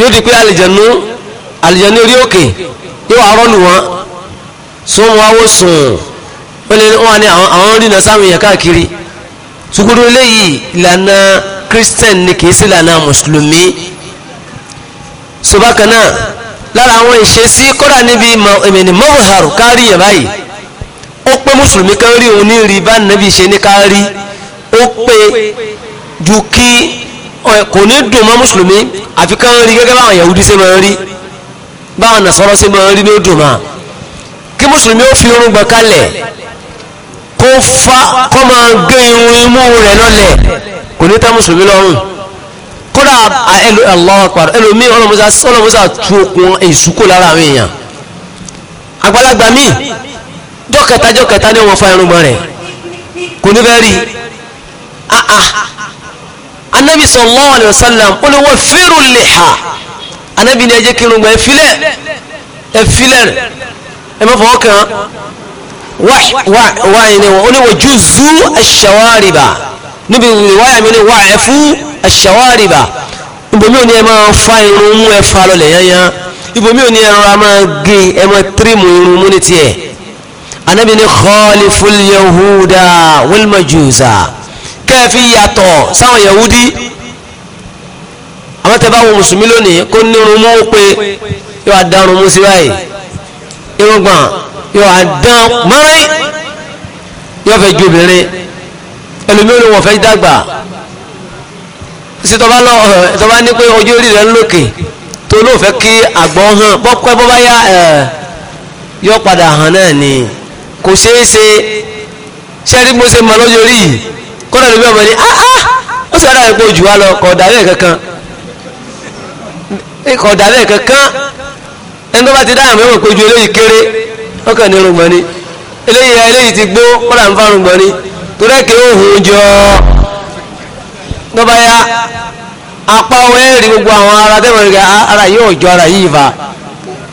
yóò di pé àlìjẹ̀nú àlìjẹ̀nú orí òkè yóò arọ́ nù wọ́n sún wọn wó sùn wọ́n lè wọ́n ní àwọn rìnà sáwọn èèyàn káàkiri ṣùgbọ́n eléyìí ìlànà Christian ni kìí sí ìlànà mùsùlùmí so bákan náà lára àwọn ìṣesí kódà níbi ìmìnì mọ́wàhàrù kárí yẹ̀ báyìí ó pé mùsùlùmí kan rí òun ní rí bá nàbí ṣe ní kárí ó pé ju kí kò ní dùn mọ́ mùsùlùmí àfi kan rí gẹ́gẹ́ báwọn Yahudi ṣe máa ń rí báwọn Nasara ṣe máa ń rí ní ó dùn máa kí mùsùlùmí ó fi irun gbọ̀n kalẹ̀ kó fa kó máa gé irun imú rẹ̀ lọ́lẹ̀ kò ní tẹ́ mùsùlùmí lọ́rùn kódà ẹlọ́pàá ẹlòmí ọlọ́mọsá tú okun èsùkò lára àwọn èèyàn àgbàlagbà míì jọ́kẹta jọ́kẹta ní wọn fa irungbọn rẹ̀ kò ní fẹ́ rí anabi sallallahu alayhi wa sallam ó ní wọ́n fẹ́rù lèha anabi ní aṣàwárìbà ibòmí ò ní ẹ máa fa irun mú ẹ fa lọlẹ̀ yányán ibòmí ò ní ẹ rọra máa gé ẹ máa tírímù irun mú ní tiẹ̀ anabi ni khaliful yahuda wal majusa kẹ́ẹ̀fì yàtọ̀ sáwọn yahudi àwọn tẹ́ bá wọn mùsùlùmí lónìí kó ní irun mú pé yóò adá mú sí báyìí irun gbọ̀n yóò adá mọ́rin yóò fẹ́ ju ẹlòmíràn wọn fẹ́ dàgbà sí tọba lọ tọba ní pé ojú orí rẹ ń lókè tó ló fẹ́ kí àgbọn hàn bọ́pẹ́ bọ́ bá yá yọ padà hàn náà ni kò ṣeé ṣe ṣẹ́rí mo ṣe mọ lójú orí yìí kọ́nà ló ọmọ ní ah ah ó sì dára pé ojú wa lọ kọ̀ ọ̀dà bẹ́ẹ̀ kankan kọ̀ ọ̀dà bẹ́ẹ̀ kankan ẹni tó bá ti dáhà mẹ́wọ̀n pé ojú eléyìí kéré ọkàn ní irùngbọ̀n ni eléyìí eléyìí ti gbó kọ́nà ń fa irùngbọ̀n ni torí ẹ̀kẹ́ òhun jọ tó ya yá apá wẹ́ẹ̀rì gbogbo àwọn ara tẹ́wọ̀n rẹ̀ ara yóò jọ ara yìí fa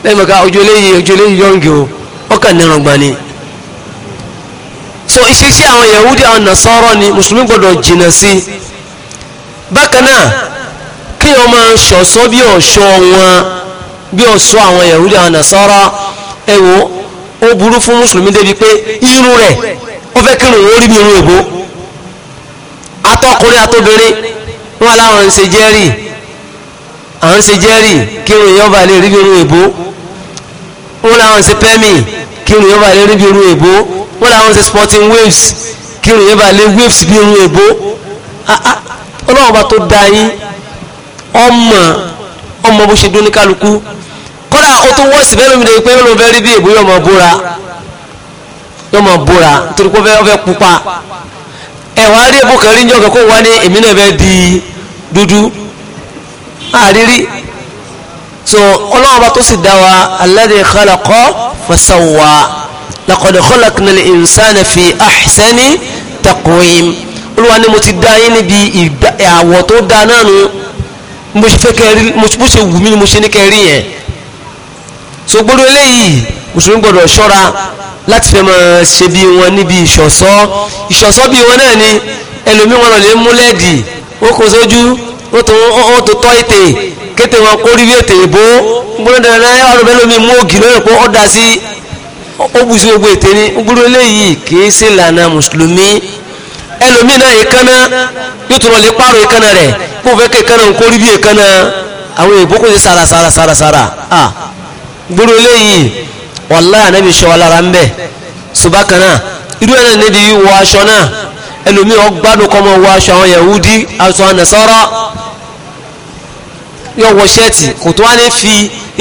lẹ́yìn ká ojú eléyìí ojú eléyìí yọ̀ǹgì o ọkàn nìran ni. so ìṣesí àwọn Yahudi àwọn Nasara ni mùsùlùmí gbọdọ̀ jìnnà sí bákan náà kí wọ́n máa ṣọ̀ṣọ́ bí ọ̀ṣọ́ wọn bí ọ̀ṣọ́ àwọn Yahudi àwọn ó burú fún mùsùlùmí débi pé irun rẹ̀ ó fẹ́ kírun atọ́kùnrin atóbìnrin wọn aláwọn ń ṣe jẹ́rì àwọn ń ṣe jẹ́rì kí irun yẹn bá lè rí bí irun èbó wọn làwọn ń ṣe pẹ́mì kí irun yẹn bá lè rí bí irun èbó wọn làwọn ń ṣe sporting waves kí irun yẹn bá lè waves bí irun èbó ọlọ́run bá tó da yín ọmọ ọmọ bó ṣe dún ní kálukú kódà ó tó wọ́ọ̀sì bẹ́ẹ̀ lómi dèjì pé ó lọ fẹ́ rí bí èbó yọmọ bóra yọmọ bóra torí pé ó fẹ́ pupa ẹ̀wọ̀n arí èbú kan rí ní ọ̀gá kó wá ní èmi náà di dúdú àrírí so ọlọ́wọ́ba tó sì dá wa alladhi khalaqa fasawwa laqad khalaqna al-insana fi ahsani taqwim olúwa ni mo ti dá yín níbi àwọ̀ tó dá náà nu mo ṣe wù mí ni mo ṣe ní kẹrí yẹn so gbọ́dọ̀ eléyìí mùsùlùmí gbọdọ̀ ṣọ́ra láti fẹ́ máa ṣe bí wọn níbi ìṣọ̀ṣọ́ ìṣọ̀ṣọ́ bí wọn náà ni ẹlòmí wọn lè múlẹ̀dì ó kò sójú ó tó tọ́ ètè kété wọn kó rí ètè ìbò gbọ́dọ̀ náà ọ̀rọ̀ bẹ́ẹ̀ lómi mú ògì lóyè pé ó dà sí ó bù gbogbo ètè ni gbọ́dọ̀ eléyìí kìí ṣe lànà mùsùlùmí ẹlòmí náà ìkànnà yóò tún lọ lè pààrọ̀ ìkànnà rẹ̀ kó fẹ́ kẹ́ ìkànnà ń kó rí bí ìkànnà àwọn ìbò kò ṣe sàràsàràsàràsàrà ah gbọ́dọ̀ eléyìí wàláhì ànábì ṣọ́ alára ń bẹ̀ ṣùgbọ́n kan náà irú ẹ̀ náà níbi wọ aṣọ náà ẹlòmíì ó gbádùn kọ́ mọ́ wọ aṣọ àwọn yahudi aṣọ ànàsárà yóò wọ ṣẹ́ẹ̀tì kò tó wá ní fi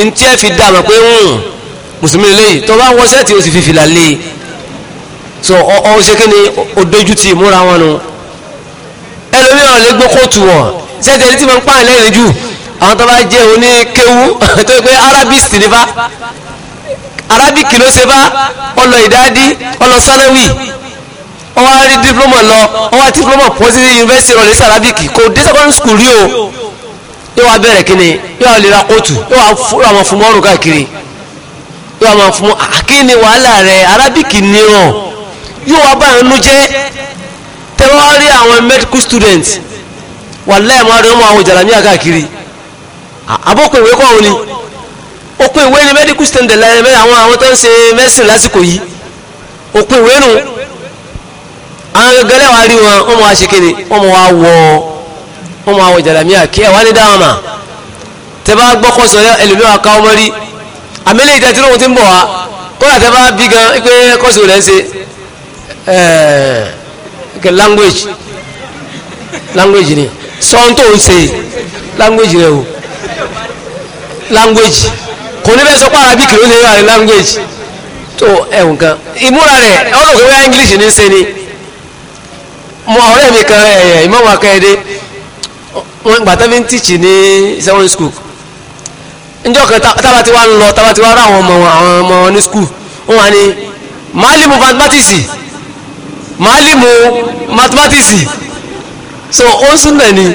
ntí ẹ fi dààmú pé ń hmm, mùsùlùmí lélẹ́yìí tó bá wọ ṣẹ́ẹ̀tì ó sì fi fìlà lé e. so ọ ṣe kí ni ó dojú ti ìmúra wọn nu ẹlòmíì ọ̀rọ̀ lè gbọ́ kóòtù wọn ṣẹ́ẹ̀tì ẹni tí mo ń pààyàn lẹ́yìn jù àwọn tó bá jẹ́ oníkéwú (laughs) tó yẹ pé arabist ní bá arabic ló ṣe bá ọlọ ìdádí ọlọ sanawi ọwọ́ rí diploma lọ ọwọ́ diploma pọ̀ sí yunifásitì ọ̀rẹ́ sí arabic kò dé secondary school rí o yóò wá bẹ̀rẹ̀ kí ni yóò lè ra kóòtù yóò wá fún àwọn fún mọ́rùn káàkiri yóò wá fún àkíní ah, wàhálà rẹ̀ arabic ni ọ̀ yóò wá báyìí nú jẹ́ tẹ́wọ́ rí àwọn medical students wà lẹ́ẹ̀mọ́ rí wọn àwọn jàlámíà káàkiri àbọ̀kọ̀ ah, ìwé kọ́ òun ni òpin ìwé ni medical standard àwọn àwọn tó ń se medicine lásìkò yìí òpin ìwé nù àwọn gẹ́gẹ́lẹ́ wa rí wọn wọ́n mọ̀ wá ṣe kéde wọ́n mọ̀ wá wọ wọ́n mọ̀ wá wọ jàdàmíà kí ẹ̀ wá ní dáhùn mà tẹ bá gbọ́kọ̀ sọ̀rọ̀ ẹlòmíràn ká ọmọ rí àmìlẹ̀ ìdá tí lóhun ti ń bọ̀ wá kọ́lá tẹ bá bí gan pé kọ́sù rẹ̀ ń ṣe ẹ̀ẹ́dẹ̀ eh, language language ni sọ́n tó ń ṣe language rẹ̀ o language kò ní bẹ́ẹ̀ sọ pé arabic ló ní ra rẹ̀ language tó ẹ̀wùn kan ìmúra rẹ̀ ọlọ́kọ̀ wíwá english ní ṣe ni mo ọ̀rẹ́ mi kan ẹ̀yẹ ìmọ̀wá kẹ́ẹ̀dẹ́ wọn gbà tẹ́bí ń tíìchì ní secondary school njọ́ kan tábà tí wá ń lọ tábà tí wá rá àwọn ọmọ ní school wọn wà ní màálìmù mathematics so ó sún náà ni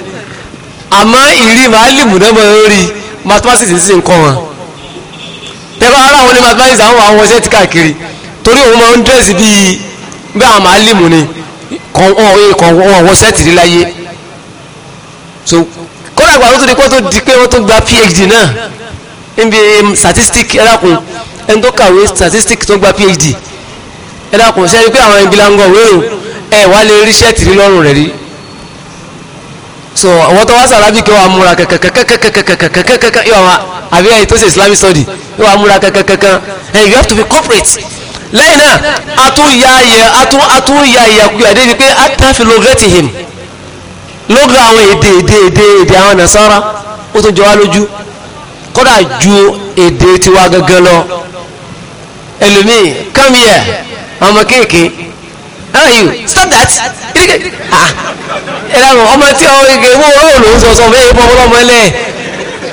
àmọ́ ìrí màálìmù náà mọ̀ ń rí mathematics sì ń kọ́ wọn tẹ́bá ara àwọn ní mathematics àwọn àwọn ọ̀sẹ̀ ti káàkiri torí òun máa ń dẹ́sì bíi bí àwọn màálìmù ni kọ̀ọ̀wọ́ ọ̀sẹ̀ tìrí láyé so kọ́lá ìgbà tó di pé tó di pé wọ́n tó gba phd náà níbi um, statistic ẹ̀dàkùn ẹni tó kàwé statistic tó gba phd ẹ̀dàkùn sẹ́ni pé àwọn ìgbìlangọ̀ wéèrò ẹ̀ wá lè ríṣẹ́ tìrí lọ́rùn rẹ̀ rí so àwọn tó wá sàrábì kí wọ́n á múra kẹ̀kẹ̀kẹ̀kẹ̀kẹ̀kẹ̀kẹ̀kẹ̀kẹ̀ yóò wá àbí ẹni tó ṣe islamic study yóò wá múra kankankan and you have to be corporate lẹ́yìn náà a tún ya ayẹ a tún a tún ya ìyàkuyà débi pé a ta fi logate him lóga àwọn èdè èdè èdè èdè àwọn nasara ó tún jọ wá lójú kódà ju èdè tiwa gangan lọ ẹlòmíì come here ọmọ kéèké how are you stop that ah ẹ̀rọ ọmọ tí ọmọ kéèké wọ́n wọ́n lòún sọ̀sọ̀ fún ẹ̀yìn pọ̀ ọmọ ẹlẹ́ẹ̀.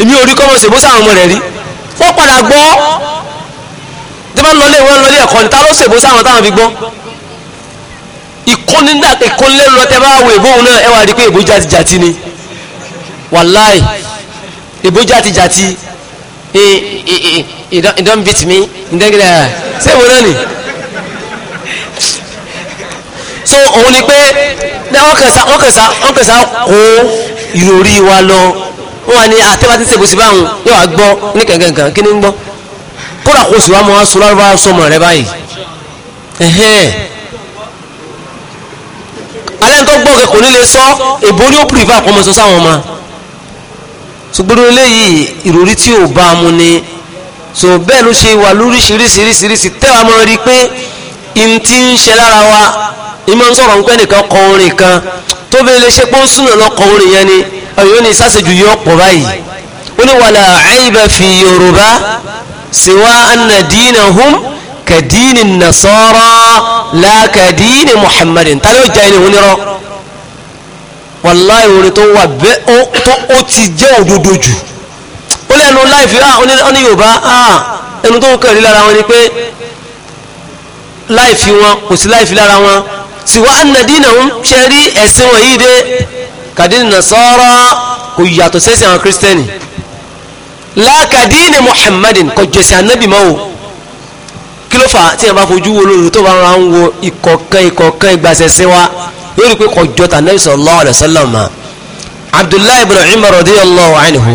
èmi ò rí kọ́mọ̀ ṣèbó sáwọn ọmọ rẹ̀ rí wọ́n padà gbọ́ tí wọ́n lọlé wọ́n lọlé ẹ̀kọ́ ni ta ló ṣèbó sáwọn táwọn fi gbọ́ ìkónídà ìkónilé lọ tẹ bá wo èbó òun náà ẹ wá rí pé èbó játi játi ni wàláì èbó játi játi ìdán bìtì mi ìdánkìlẹ̀ ṣé èbó náà ni so òun ni pé wọ́n kẹsà kó ìròrí wa lọ wọ́n wà ní àtẹ́bá ah, tí ń ṣe bùsùn báwọn yóò wá gbọ́ ní kẹ̀kẹ̀kan kí ni ń gbọ́ kódà kó sì wá mọ́ aṣọ lárúbá sọmọ rẹ báyìí ẹ̀hẹ́n alẹ́ tó gbọ́ kẹ́kọ̀ọ́ nílé sọ èbó ní ó pìrìfà kọ́ mọ́ sọ sáwọn ọmọ ṣùgbọ́n eléyìí ìròrí tí ò bá mu ni so bẹ́ẹ̀ ló ṣe wà lóríṣiríṣiríṣiríṣi tẹ́wàá mọ́ rí pé in ti ń ṣe lára wa ìmọ̀ ń sọ̀rọ̀ ń pẹ́ nìkan kọ orin kan tó lè ṣe pé ó ń súnmọ̀ orin yẹn ni ọ̀yọ́ ni sásejù yọ pọ̀ báyìí ó ní wàlà àìbà fi yorùbá siwa anna dinahum ka dini nasara la ka dini muhammadin tani ó jẹ́ ẹni òun nírọ́ wàláì orin tó wà bẹ́ẹ̀ ó ti jẹ́ òdodo jù ó lẹ́nu láìfi á ah, ó ní yorùbá á ah, ẹnu tó ń kẹ̀rí lára wọn ni pé láìfi wọn kò sí láìfi lára wọn siwa anna dinahum ṣe rí ẹ̀sìn wọn yìí dé kàdínì nasara kò yàtọ̀ sẹ́sì àwọn kírísítẹ́nì lákàdínì muhammadin kò jẹ̀sì ànábì mọ́ o kí ló fà á tí yẹn bá fojú wo lóru tó bá ra ń wo ìkọ̀kan ìkọ̀kan ìgbàsẹ̀ sí wa yóò rí pé kò jọ tànábì sallallahu alaihi wasallam abdullahi ibn umar radiyallahu anhu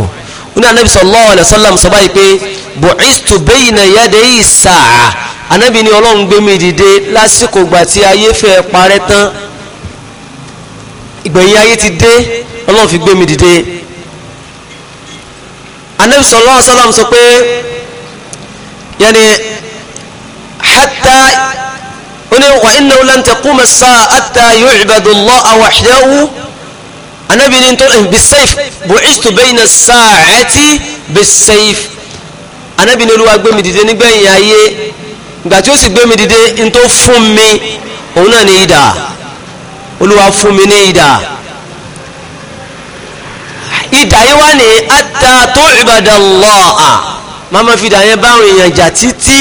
ní anabi sallallahu alaihi wasallam sọ báyìí pé sa'a anabi ni ọlọ́run gbé mi dìde lásìkò gbà tí ayé fẹ́ parẹ́ tán ìgbẹ̀yìn ayé ti dé ọlọ́run fi gbé mi dìde anabi sallallahu alaihi wasallam sọ pé yẹni hatta oní wa innahu lan taquma as-sa'a hatta yu'badu Allah wahdahu anabi ní tó ẹ̀hìn eh, bisayf bu'istu bayna as-sa'ati bisayf anabi ní olúwa gbé mi dìde nígbẹ̀yìn ayé ìgbà ó sì gbé mi dìde ní tó fún mi òun náà ní ìdá olúwa fún mi ní idà idà yìí wá ní ata tó ìbàdàn lọ́ọ̀à màmá fi idà yẹn báwọn èèyàn jà títí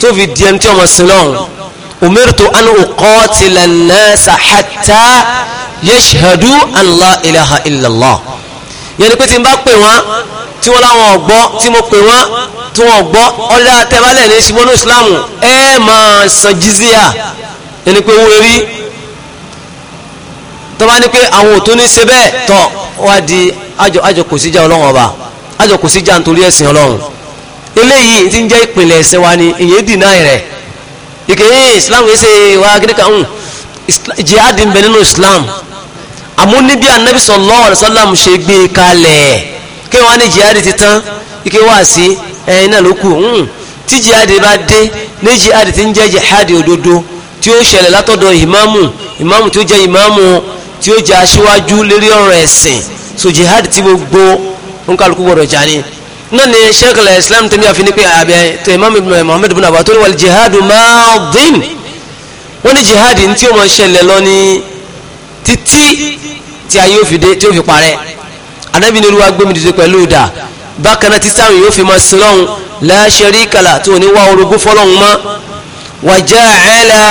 tó fi di ẹni tí ọmọ sí náà umirtu an uqatila an-nas hatta yashhadu an la ilaha illallah yẹn ni pé tí n bá pè wọ́n tí wọ́n láwọn ọ̀gbọ́ tí mo pè wọ́n tí wọ́n gbọ́ ọ̀dà tẹ́bálẹ̀ ní ṣubọ́nù islam ẹ̀ máa san jizíà yẹn ni pé wọ́n rí tó bá ní pé àwọn ò tún ní ṣe bẹ́ẹ̀ tọ́ wá di àjọ àjọ kò sí já ọlọ́run ọba àjọ kò sí já nítorí ẹ̀sìn ọlọ́run eléyìí ti ń jẹ́ ìpìlẹ̀ ẹ̀sìn wa ni ìyẹn dìnnà rẹ̀ ìkẹyìn islam yìí ṣe wá ń jihad ń bẹ nínú islam àmú níbi anabi sallallahu alaihi wasallam ṣe gbé e kalẹ̀ kí wọ́n á ní jihad ti tán ike wá sí ẹ̀yin náà ló kù hmm. tí jihad bá dé ní jihad ti ń jẹ́ jihad òdodo tí ó ṣẹlẹ̀ látọ̀dọ̀ ìmáàmù tí ó jẹ́ aṣíwájú lérí ọ̀rọ̀ ẹ̀sìn so jihad tí gbogbo nkálukú gbọdọ̀ jà ní náà ni sheikh al-islam tẹ́lẹ̀ àfi ní pé àbẹ tó imam ibn muhammed ibn abu atul wal jihadu maadin wọ́n ní jihad ní tí ó máa ṣẹlẹ̀ lọ ní títí tí ayé ó fi dé tí ó fi parẹ́ anabi ní olúwa gbé mi dìde ìdá bákan náà títí yóò fi máa sin lọ́hùn la sharika la ní wá orogún fọlọ́hùn mọ́ wàjà ẹ̀ẹ́lá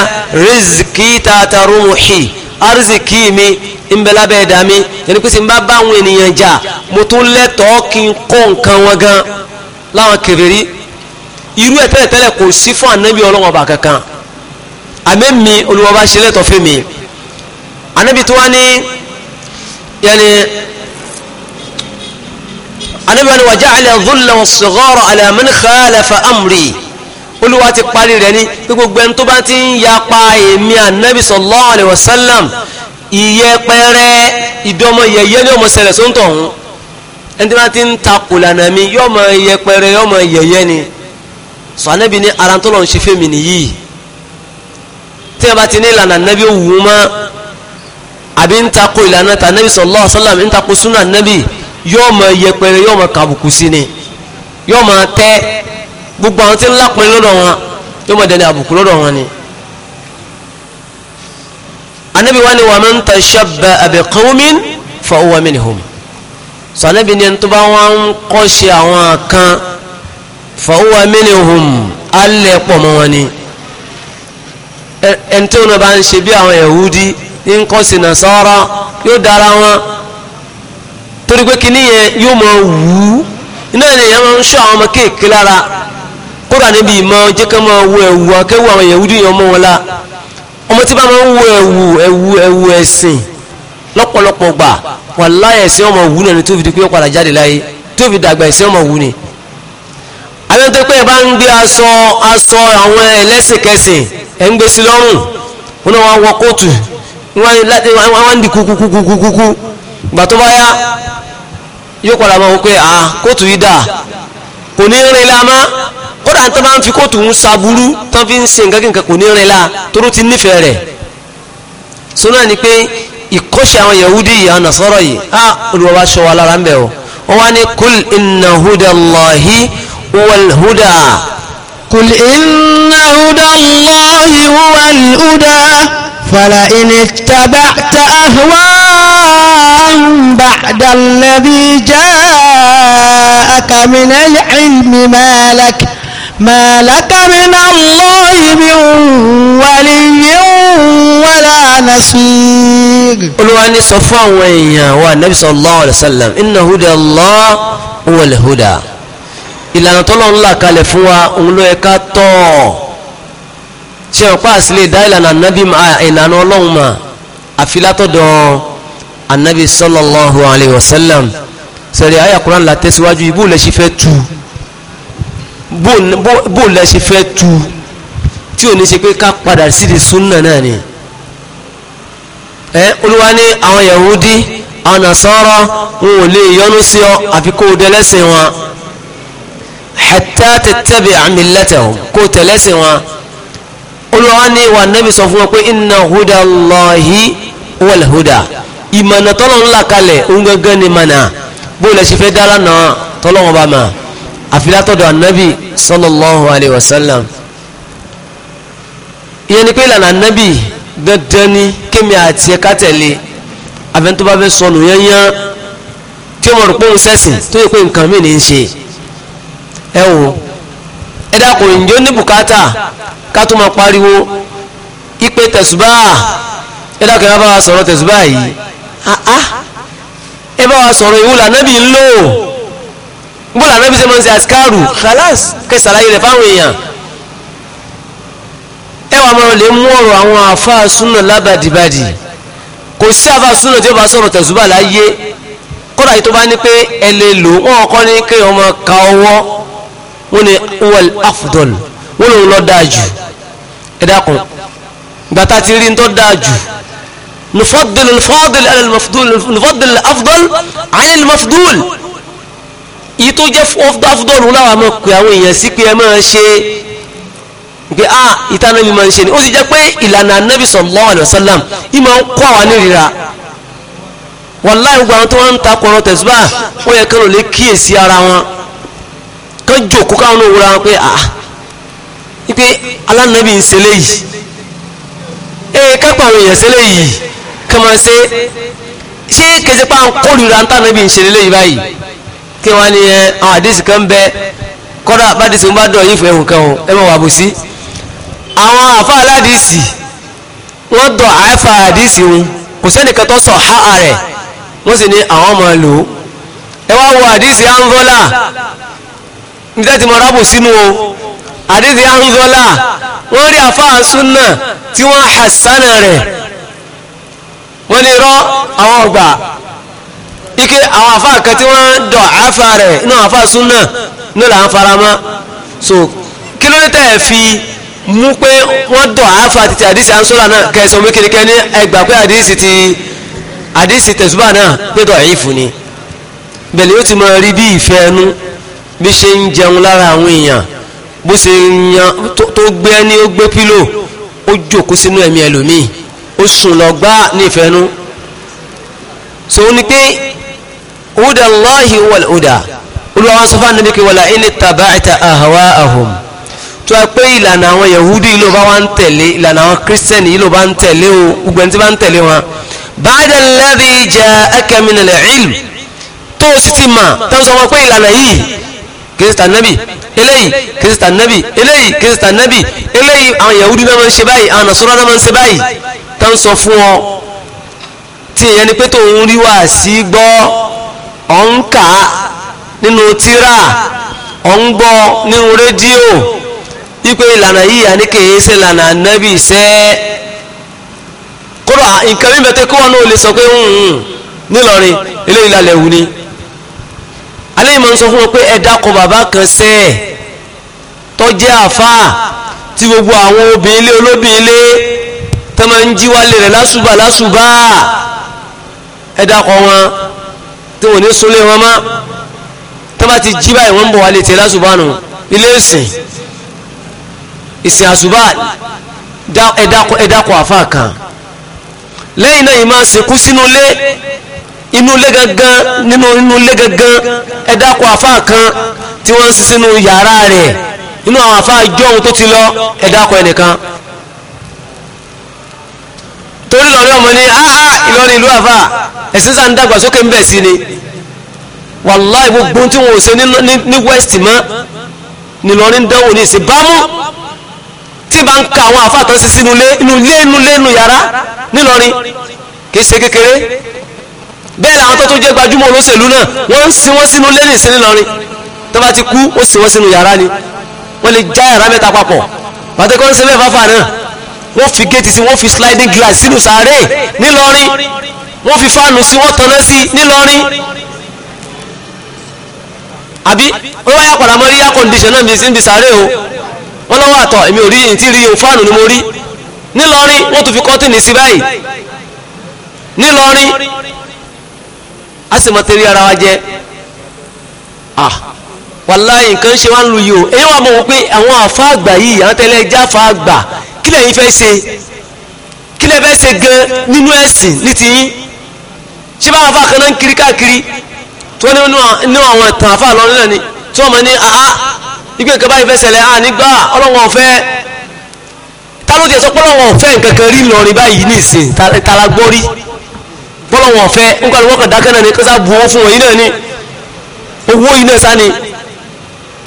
rizqi tààtà rúmùhì arzikí mi ń bẹ lábẹ́ ẹ̀dá mi yẹn ni pé sì ń bá bá àwọn ènìyàn jà mo tún lẹ́tọ̀ọ́ kí n kó nǹkan wọn gan láwọn kèfèrí irú ẹ̀ tẹ́lẹ̀ tẹ́lẹ̀ kò sí fún ànábì ọlọ́wọ́n ọba kankan àmì mi Olúwa bá ṣe lẹ́tọ̀ọ́ fún mi ànábì tó wá ní yẹni ànábì wá ní wàjá àlẹ́ dhullan wa sighara ala man amri olúwa ti parí rẹ̀ ni pé gbogbo ẹni tó bá ti ń yapa èmi ànábì sallallahu alaihi wasallam ìyẹpẹrẹ ìdọmọ yẹyẹ ni ọmọ ṣẹlẹ̀ sóńtọ ọhún ẹni tí wọn ti ń takò lànà mi yóò mọ ìyẹpẹrẹ yóò yẹyẹ ni sọ ànábì ní ara tó lọ ń ṣe fèmí nìyí tí wọn bá ti ní ìlànà ànábì wù ú mọ àbí ń takò ìlànà tànábì sallallahu alaihi wasallam ń takò súnà ànábì yóò mọ ìyẹpẹrẹ yóò mọ kàbùkù sí ni yóò mọ gbogbo àwọn tí ń lápin lọ́dọ̀ wọn yóò máa dẹni àbùkù lọ́dọ̀ wọn ni. anabi wa ni wa man tashabbaha bi qawmin fa huwa minhum sọ anabi ni tó bá wọn ń kọ́ àwọn kan fa huwa alẹ́ e pọ̀ mọ́ wọn ni ẹni wọn bá ń ṣe bí àwọn yahudi ń kọ́ sí yóò dára wọn torí pé kìnìyẹn yóò máa wù iná ènìyàn máa ń ṣọ́ àwọn ọmọ kéèké lára kódà níbi ìmọ̀ jẹ́ ká máa wo ẹ̀wù akẹ́wù àwọn Yahudi yẹn ọmọ wọn la ọmọ tí bá máa ń wo ẹ̀wù ẹ̀wù ẹ̀wù ẹ̀sìn lọ́pọ̀lọpọ̀ gbà wàláhì ẹ̀sìn ọmọ wù náà ni tó fi di pé ó padà jáde láyé tó fi dàgbà ẹ̀sìn ọmọ wù ni. àwọn tó pé bá ń gbé aṣọ aṣọ àwọn ẹlẹ́sìnkẹsìn ẹ̀ ń gbé sí lọ́rùn wọn náà wọ kóòtù wọn di kúkúkúkúkú gbà ah, kò ní rìn lámá kódà tó bá ń fi kóòtù ń saburú tó fi ń ṣe nǹkan kí nǹkan kò ní rìn la toró ti nífẹ̀ẹ́ rẹ̀ sọ́nà ni pé ìkọ́ṣe àwọn yahudi yìí àwọn nasọ́rọ̀ yìí á olùwọ́ bá ṣọ wa lára ń bẹ̀ o wọ́n wá ní kul inna huda allahi wal huda. kul inna huda allahi wal huda fala in ittaba'ta ahwa'ahum ba'da alladhi ja'aka min al-ilmi ma ما لك من الله من ولي ولا نصير Olúwa ní sọ fún àwọn èèyàn wa Nabi sallallahu alaihi wasallam inna huda Allah wal huda ìlànà tọ́lọ́run là kalẹ̀ fún wa òun ló yẹ ká tọ̀ ṣe ọ̀pá àsìlè dá ìlànà Nabi ìlànà Ọlọ́run mà àfi látọ̀dọ̀ Anabi sallallahu alaihi wasallam sẹ̀rẹ̀ àyà Qur'an tẹ̀síwájú ibú lẹ́sí fẹ́ tu bó lẹ ṣe fẹ́ tu tí ò ní ṣe pé ká padà sí di súnà náà ni ẹ olúwa ní àwọn yahudi àwọn nasara wọn ò lè yọnu sí ọ àfi kó o dẹlẹ́sìn wọn hatta tattabi'a millatahum kó o tẹ̀lẹ́sìn wọn olúwa ní wà nẹ́bí sọ fún wọn pé inna hudallahi wal huda ìmọ̀nà tọ́lọ́ ńlá kalẹ̀ ń gángan ni mọ̀nà bó lẹ ṣe fẹ́ dára náà tọ́lọ́ wọn bá máa àfilátọ̀dọ̀ anabi sallallahu alayhi wa sallam ìyẹn ni pé ìlànà anabi dandan ni kémi àti ẹ̀ka tẹ̀lé àfẹn tó bá fẹ́ sọnù yányán tí ó mọ̀ rò pé òun sẹ́sìn tó yẹ pé nǹkan mí ní í ṣe ẹ wò ẹ dákun ǹjọ́ ní bùkátà ká tó máa pariwo ipe tẹ̀sùbá ẹ dákun ẹ wa sọ̀rọ̀ tẹ̀sùbá yìí ah, ah. ẹ bá wa sọ̀rọ̀ ìwúlò anabi ń lò ó níbo làwọn ẹbí ṣe máa ń ṣe àṣìkáàrù khalas kẹsàlàyé rẹ̀ fáwọn èèyàn ẹ wàá máa lè mú ọ̀rọ̀ àwọn àfáà súnà lábàdìbàdì kò sí àfáà súnà tí ó bá sọ̀rọ̀ tẹ̀sùbà láyé kódà yìí tó bá ní pé ẹ lè lò wọ́n kọ́ ní kí ọmọ ka ọwọ́ wọ́n ní wọ́n afdol wọ́n lòun lọ dáa jù ẹ dákun gbàtà ti rí tó dáa jù nufọ́dìlì nufọ́dìlì alẹ́ yìí tó jẹ́ dáfúdọ́rù láwọn àmọ́ pé àwọn èèyàn sí pé ẹ máa ṣe pé a ah, ìtànàbí máa ń ṣe ni ó sì jẹ́ pé ìlànà anábì sallallahu alaihi wasallam ìmọ̀ ń kọ́ àwọn nírira wàláì gbogbo àwọn tó wọ́n ń ta kọ̀rọ̀ tẹ̀síbà ó yẹ kán ò lè kíyèsí ara wọn kán jòkó káwọn náà wúra wọn pé a ah, ipe alánàbì ń ṣe léyìí ee kápá àwọn èèyàn ṣe léyìí kí wọ́n ṣe ṣé kèsì pa àwọn kórìíra ń tànàbì ń ṣe léyìí báyìí kí wọ́n ní ẹ eh, àwọn àdísì kan bẹ kọ́dà bádìsì ń bá dọ̀ yìí fún ẹ̀hùn kan ẹ mọ̀ wà bù sí. àwọn àfa aládìsì wọ́n dọ̀ àfa àdísì wọn kò sẹ́nìkan tó sọ ha rẹ̀ wọ́n sì ní àwọn máa lò ó. ẹ wá wo àdísì anvola níta ti mọ rábù sínú o àdísì anvola wọ́n rí àfa àsúnà tí wọ́n hasana rẹ̀ wọ́n ní rọ́ àwọn ọgbà ike àwọn àfáà kan tí wọ́n dọ̀ àfà rẹ̀ náà àfáà súnà náà là ń faramọ́ so kí ló ní tẹ́ ẹ̀ fi mú pé wọ́n dọ̀ àfà títí àdísì ansọ́là náà kẹsàn omi kiri kẹ́ni ẹgbà pé àdísì ti àdísì tẹ̀sùbà náà pé ẹ̀yìn fún ni bẹ̀lẹ̀ yóò ti máa rí bí ìfẹ́ ẹnu bí ṣe ń jẹun lára àwọn èèyàn bó ṣe yan tó gbé ẹni ó gbé pílò ó jòkó sínú ẹ̀mí ẹlòmíì ó sùn lọ gbá ní ìfẹ́ ẹnu so ní pé huda Allahi wal huda olúwa wọn sọ fún anabi kí wala in taba'ta ahwa'ahum tó a pé ìlànà àwọn yahudi yìí ló bá wá ń tẹ̀lé ìlànà àwọn kírísítẹ́nì yìí ló bá ń tẹ̀lé o ugbẹ́ni tí bá ń tẹ̀lé wọn. ba'da alladhi ja'aka min al tó o sì ti mà tó sọ wọn pé ìlànà yìí kírísítà nábì eléyìí kírísítà nábì eléyìí kírísítà nábì eléyìí àwọn yahudi náà máa ń ṣe báyìí àwọn nasọ́rọ́ náà máa ń ṣe báyìí tó sọ fún ọ tí ìyẹn ni pé tó ń rí wá sí gbọ́ ọ̀ ń kà á nínú tíra ọ̀ ń gbọ́ nínú rédíò wípé ìlànà yìí àní kìí ṣe ìlànà nẹ́bì iṣẹ́ kódà nǹkan mímẹ́ tó kí wọ́n náà lè sọ pé nílọrin eléyìí lálẹ́ wù ni alẹ́ ìmọ̀ ń sọ fún wọn pé ẹ dákọ̀ bàbá kan sẹ́ ẹ̀ tó jẹ́ àfáà tí gbogbo àwọn obìnrin lé olóbìnrin lé tó máa ń jí wálé rẹ̀ lásùbà lásùbà ẹ dákọ̀ wọn tí wọ́n ní súnlé wọn má tó bá ti jí báyìí wọ́n ń bọ̀ wá lè tẹ̀ lásùbá nù ilé ìsìn ìsìn àsùbá ẹ̀dàkọ̀ àfa kan lẹ́yìn náà yìí máa sìnkú sínú ilé inú ilé gangan nínú inú ilé gangan ẹ̀dàkọ̀ àfa kan tí wọ́n ń sin yàrá rẹ̀ inú àwọn àfa ìjọ́ ohun tó ti lọ ẹ̀dàkọ̀ ẹnìkan torí lọ́rin ọmọ ní áhá ìlọrin ìlú àfà ẹ̀sìn sáà ń dàgbà sókè ń bẹ̀ sí ni wàláì gbogbo tí wọn ò ṣe ní west mọ́ nìlọrin dánwò ní ìsìnbámú tí bá ń ka àwọn àfà tán sí sínú ilé inú ilé inú ilé inú yàrá nílọrin kì í ṣe kékeré bẹ́ẹ̀ làwọn tó tó jẹ́ gbajúmọ̀ olóṣèlú náà wọ́n ń sin wọ́n sínú ilé nìsín nílọrin tó bá ti kú ó sin wọ́n sínú yàrá ni wọ́n lè já yàrá mẹ́ta papọ̀ pàtẹ́kọ́ ń ṣe mẹ́fà fà náà wọ́n fi géètì sí wọ́n fi sliding glass sínú sàárè nílọrin wọ́n fi fáànù sí wọ́n tanná sí nílọrin àbí wọ́n wáyà padà mọ́ rí air condition náà bí síbi sàárè o wọ́n lọ́wọ́ àtọ̀ èmi ò rí yìí tí rí o fáànù ni mo rí nílọrin wọ́n tún fi kọ́tìnì sí báyìí nílọrin a sì mọ tẹ́lẹ̀ ara wa jẹ́ ah wàláyé nǹkan ṣe wá ń lu yìí o èyí wà mọ̀ wọ́n pé àwọn àfa àgbà yìí àwọn tẹ́lẹ̀ jẹ́ àfa àgbà kí lẹ́yìn fẹ́ ṣe kí lẹ́ fẹ́ ṣe gan nínú ẹ̀sìn ní ti yín ṣé báwọn afa kan náà ń kiri káàkiri tí wọ́n ní àwọn ìtàn afa lọ́nà náà ni tí wọ́n mọ̀ ní àá ibi nǹkan báyìí fẹ́ ṣẹlẹ̀ àá nígbà ọlọ́wọ́n ọ̀fẹ́ ta ló ti sọ pọ́lọ́wọ́n ọ̀fẹ́ nǹkan kan rí lọ́rin báyìí ní ìsìn talagbọ́rí pọ́lọ́wọ́n ọ̀fẹ́ nígbà tí wọ́n kàn dákẹ́ náà ni kọ́sá bu owó fún wọn yìí náà ni owó yìí náà sá ni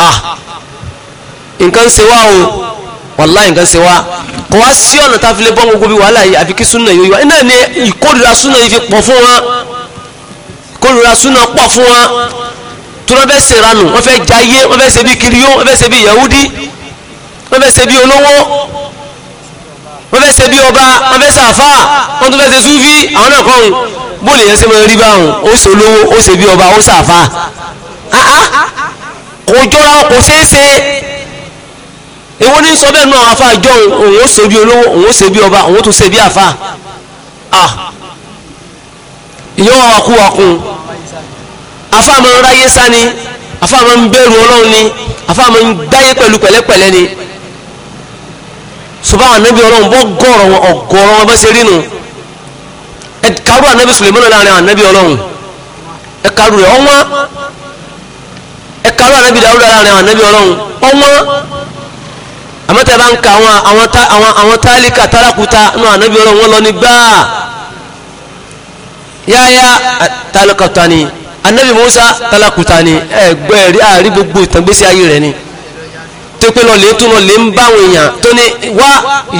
ah nǹkan ń ṣe wá o wàláyé nǹkan ṣe wá kò wá sí ọ̀nà tá a fi lè bọ́ gbogbo bí wàhálà yìí àfi kí súnà yìí wá iná ni ìkórira súnà yìí fi pọ̀ fún wọn ìkórira súnà pọ̀ fún wọn tó wọn fẹ́ ṣe ranù wọn fẹ́ jayé wọn fẹ́ ṣe bí kiriyó wọn fẹ́ ṣe bí yahudi wọn fẹ́ ṣe bí olówó wọn fẹ́ ṣe bí ọba wọn fẹ́ ṣe àfà wọn tó fẹ́ ṣe súfì àwọn náà kọ́hún bóòlù yẹn ṣe máa rí báwọn ó ṣe olówó ó ṣe bí ọba ó ṣe àfà kò jọra kò ṣeé ṣe. èwo ní sọ bẹ́ẹ̀ náà afá ìjọ òun ó ṣe olówó òun ó ṣe ọba òun ó tún ṣe afa ah ìyọ́ ń ni afá ń bẹ̀rù ọlọ́run ni ni Soba anabi ọlọ́run bọ́ gọ́ọ̀rọ̀ wọn ọ̀gọ́ọ̀rọ̀ wọn bá ṣe rí nu ẹ kárú láàrin ọlọ́run ẹ kárú ọ̀wọ́n ẹ kárú àmọ́ tẹ́ bá ń ka àwọn àwọn àwọn àwọn tálíkà tálákùúta nù ànábì ọlọ́run wọn lọ ní gbáà yáyá tálákùúta ni ànábì Musa tálákùúta ni ẹgbẹ́ rí àárí gbogbo ìtàngbésí ayé rẹ̀ ni tó pé lọ́lẹ̀ tó lọ́lẹ̀ ń bá àwọn èèyàn tó ní wá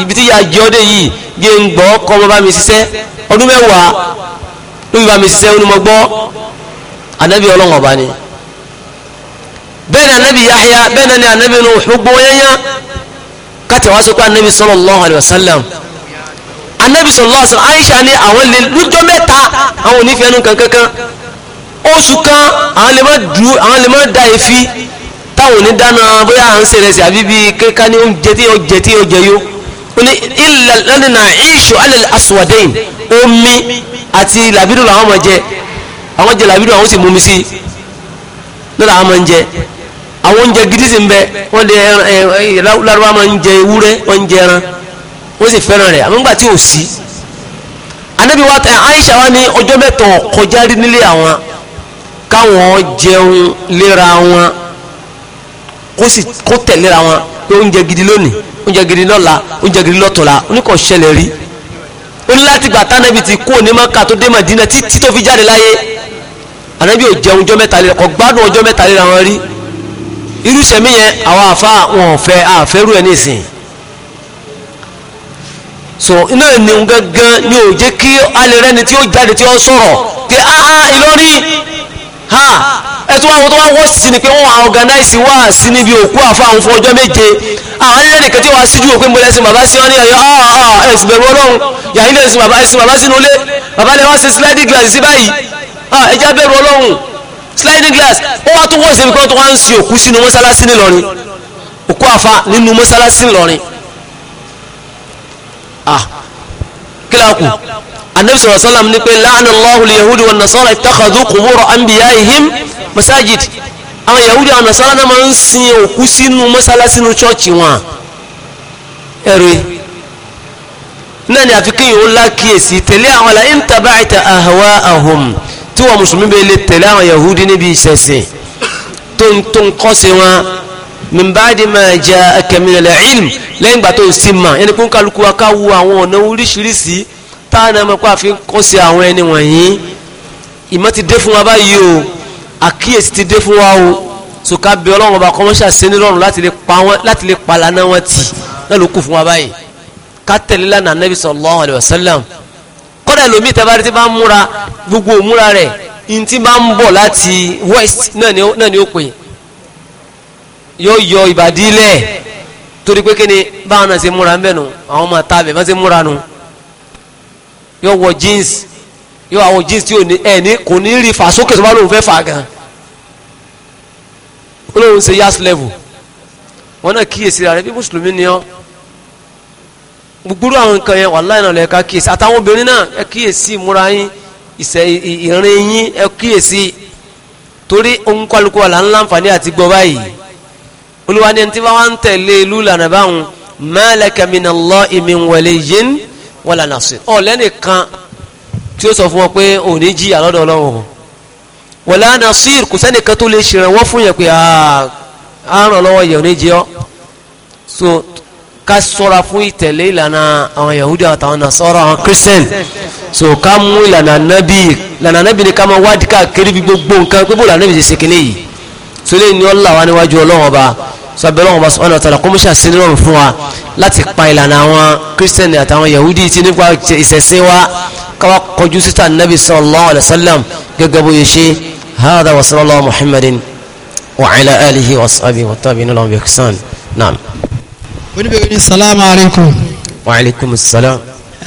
ibi tí yà jẹ́ ọdẹ yìí gé ń gbọ́ kọ́ ọmọ bá mi ṣiṣẹ́ ọdún mẹ́wàá ló fi bá mi ṣiṣẹ́ onímọ̀ gbọ́ ànábì ọlọ́run ọba ni bẹ́ẹ̀ ni ànábì Yahya bẹ́ẹ̀ ni ànábì nù káti wá sọ́kọ́ anabi sallallahu alayhi wa sallam anabi sallallahu alayhi wa sallam aisha ni àwọn lè lójọ́ mẹ́ta àwọn onífẹ́nu kankankan oṣù kan àwọn lè má du àwọn lè má da efi táwọn ní dáná bóyá à ń sèrèsè àbí bí kíkà ní oúnjẹ tí yóò jẹ tí yóò jẹ yó ó ní ilẹ̀ lẹ́nu náà iṣu alẹ́ aswadain omi àti làbídùn làwọn máa jẹ àwọn jẹ làbídùn àwọn sì mú mi sí lọ́la àwọn oúnjẹ gidi sì ń bẹ wọ́n dẹ lárúbá máa ń jẹ ewúrẹ́ wọ́n ń jẹ ẹran wọ́n sì fẹ́ràn rẹ̀ àmọ́ nígbà tí ò sí anabi wa tẹ Aisha wa ní ọjọ́ mẹ́tọ̀ kọjá rí nílé àwọn káwọn jẹun léra wọn kó sì kó tẹ̀léra wọn pé oúnjẹ gidi lónìí oúnjẹ gidi lọ́la oúnjẹ gidi lọ́tọ̀la oníkọ̀ ṣẹlẹ̀ rí ó ní láti gbà tánábì ti kú òní máa ka tó dé Madina títí tó fi jáde láyé anabi ò jẹun ọjọ́ mẹ́ta lé kò gbádùn ọjọ́ mẹ́ta lé wọn rí irú sẹ̀mí yẹn àwọn àfa wọn fẹ́ àfẹ́rú ẹ̀ nísìn so iná ni gangan ni ò jẹ́ kí alẹ́ rẹ́ni tí ó jáde tí ó sọ̀rọ̀ pé áá ah, ah, Ìlọrin ha ẹtù àwọn tó wá wọ́n sí ni pé wọ́n àwọn ọ̀gánáìsì wá sí níbi òkú àfáàwọn fún ọjọ́ méje àwọn alẹ́ nìkan tí wọ́n á síjú òpin mọ́lẹ́sìn bàbá sí wọn ní ọ̀yọ́ ah, ẹ̀sìn bẹ̀rù ọlọ́run yàrá ilé ẹ̀sìn bàbá sínú ilé bàbá lẹ́wọ́n ṣe sliding glass sí báyìí ẹja bẹ̀rù ọlọ́run sliding glass ó wá tún wọ́n ṣe bíkọ́ tó wá ń sin òkú sínú mọ́sálásí ńìlọrin òkú àfa nínú mọ́sálásí ńìlọrin ah kíláàkù anabi sọ̀rọ̀ sọ́làm ní pé láàánú lọ́hùn yahudu wa nasara ìtàkàdù kùmúrò àǹbíyá ihim masajid àwọn yahudu àwọn nasara náà máa ń sin òkú sínú mọ́sálásí ní chọ́ọ̀chì wọn ẹ̀rí náà ni àfikún yìí ó lákìyèsí tẹ̀lé àwọn la in tabaita ahwa ahum tí wọ́n mùsùlùmí bẹ́ẹ̀ lè tẹ̀lé àwọn yahudi níbi ìṣẹ̀sìn tó ń tó ń kọ́ sí wọn min ba'di ma ja'aka min al-'ilm lẹ́yìn ìgbà tó ń sì mà ẹni kún kálukú wa ká wo àwọn ọ̀nà oríṣiríṣi táwọn ọmọ pa fi ń kọ́ sí àwọn ẹni wọ̀nyí ìmọ̀ ti dé fún wa báyìí o àkíyèsí ti dé fún wa o sùkà bí ọlọ́run ọba kọ́mọ́ṣà sí ní lọ́rùn láti lè pa lánàá wọn tì náà ló kù fún wa báyìí ká tẹ̀lé lánàá nabi sallallahu alayhi wa sallam kọ́dà ẹlòmíì tẹ́ bá rí tí bá ń múra gbogbo òmúra rẹ̀ in tí bá ń bọ̀ láti west náà ni ó pè yóò yọ ìbàdí lẹ̀ torí pé kíni báwọn náà ṣe múra ń bẹ̀ nù àwọn ọmọ ta bẹ̀ ṣe múra nù yóò wọ jeans yóò àwọn jeans tí ẹ̀ ní kò ní rí fà sókè tó bá lóun fẹ́ fà gan olóhùn ṣe yas level wọn náà kíyèsí rẹ bí mùsùlùmí ni ọ́ gbogbo àwọn nǹkan yẹn wàláhì náà lẹ́ka kíyèsí àtàwọn obìnrin náà ẹ kíyèsí ìmúra yín ìṣe ìrìn yín ẹ kíyèsí torí ohun kọlùkọ là ń láǹfààní àti gbọ́ báyìí olúwa ni tí wọ́n ń tẹ̀lé ìlú lànà báwọn ma laka minallahi min waliyyin wala nasir ọ lẹ́nìkan tí ó sọ fún wọn pé òní jí àlọ́dọ̀ ọlọ́run wala nasir kò sẹ́nìkan tó lè ṣèrànwọ́ fún yẹn pé ah, àrùn ọlọ́wọ́ yẹn òní jẹ́ ọ́ so ká sọ́ra fún ìtẹ̀lé ìlànà àwọn yahudi àtàwọn nasọ́ra àwọn christian so ká mú ìlànà nábì ìlànà nábì ni ká máa wádìí káàkiri bí gbogbo nǹkan gbogbo ìlànà nábì ṣe ṣe kínní yìí so lè ní Allah wa níwájú ọlọ́wọ́n ba so abẹ́rẹ́ wọn bá sọ ọ́nà ọ̀tàlá kó mú ṣàṣẹ nírọ̀rùn fún wa láti pa ìlànà àwọn christian àtàwọn yahudi ti nípa ìṣẹ̀ṣẹ̀ wa káwa kọjú síta nabi sallallahu alayhi wa sallam gẹ́gẹ́ bó ṣe hada wa sallallahu muhammadin wa ala alihi wa sahbihi wa tabi lahum bi ihsan naam oníbẹ̀rẹ̀ ní salamu aleykum. wa aleykum salam.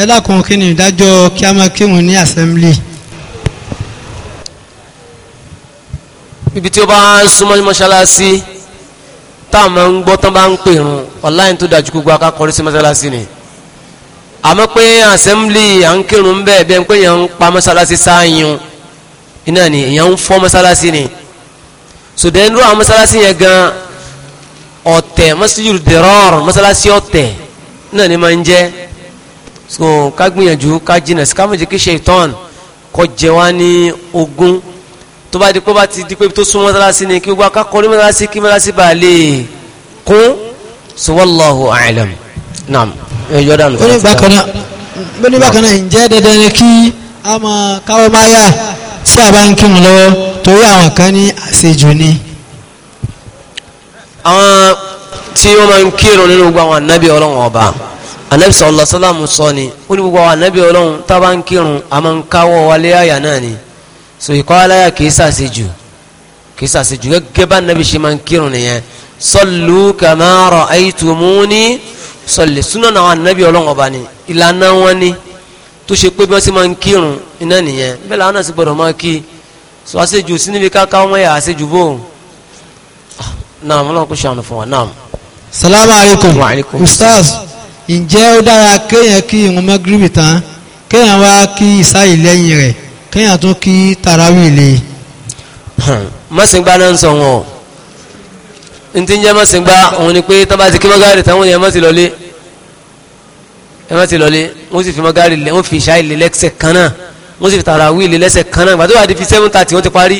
ẹ dákun kí ni ìdájọ́ kí a máa kírun ní assembly. ibi tí ó bá súnmọ́ mọ́ṣáláṣí tá a máa ń gbọ́ tán bá ń pè rún ọ̀láyìn tó dájú gbogbo akákọ̀ọ́rí sí mọ́ṣáláṣí ni àmọ́ pé assembly à ń kírun bẹ́ẹ̀ bẹ́ẹ̀ pé èèyàn ń pa mọ́sálásí sáàyàn iná ni èèyàn ń fọ́ mọ́sálásí ni sòdẹ́nrú àwọn yẹn gan ọ̀tẹ̀ masjidu dirar masalasi ọ̀tẹ̀ náà ni máa ń jẹ́ so ká gbìyànjú ká jìnà sí ká má jẹ́ kí ṣètọ́n kó jẹ wá ní ogún tó bá di pé bá ti di pé tó sún masalasi ni kí gbogbo akákọ̀ọ́ ní masalasi kí masalasi bá lè kún so wallahu a'lam naam ẹ yọ dànù. bóni bákan náà bóni bákan náà ǹjẹ́ dandan ni kí a máa káwọ́ máa yá sí àbá ń kírun lọ́wọ́ torí àwọn kan ní àṣejù ni àwọn tí wọ́n máa ń kírun nínú gbogbo àwọn ànábì ọlọ́run ọba ànábì sallallahu alaihi wasallam sọ ni ó ní gbogbo àwọn ànábì ọlọ́run tá a bá ń kírun a máa ń káwọ́ wálé àyà náà ni so ìkọ́ aláyà kìí sàṣe jù kìí sàṣe jù gẹ́gẹ́ bá ànábì ṣe máa ń kírun nìyẹn sallu kama ra'aytumuni salli súnà náà ànábì ọlọ́run ọba ni ìlànà wọn ni tó ṣe pé bí wọ́n ṣe máa ń kírun iná nìyẹn bẹ́ẹ̀ làwọn náà sì gbọ́dọ̀ máa kí so naam ọlọ́run kò ṣàánú fún wa naam. salamu alaykum wa alaykum ustaz ǹjẹ́ ó dára kéèyàn kí irun magribi tán kéèyàn wá kí ìsáyì lẹ́yìn rẹ̀ kéèyàn tún kí tarawih lè. Hmm. mọ̀sìngbà náà ń sọ wọn o ntí ń jẹ́ mọ̀sìngbà òun ni pé tó bá ti kí mọ́gàrì tán wọ́n ni ẹ mọ́ lọ́lé ẹ mọ́ lọ́lé wọ́n sì fi mọ́gàrì lẹ́ wọ́n fi ìsáyì lẹ́sẹ̀ kan náà wọ́n sì fi tarawih lẹ́sẹ̀ kan náà gbàdúrà di fi seven thirty wọ́n ti parí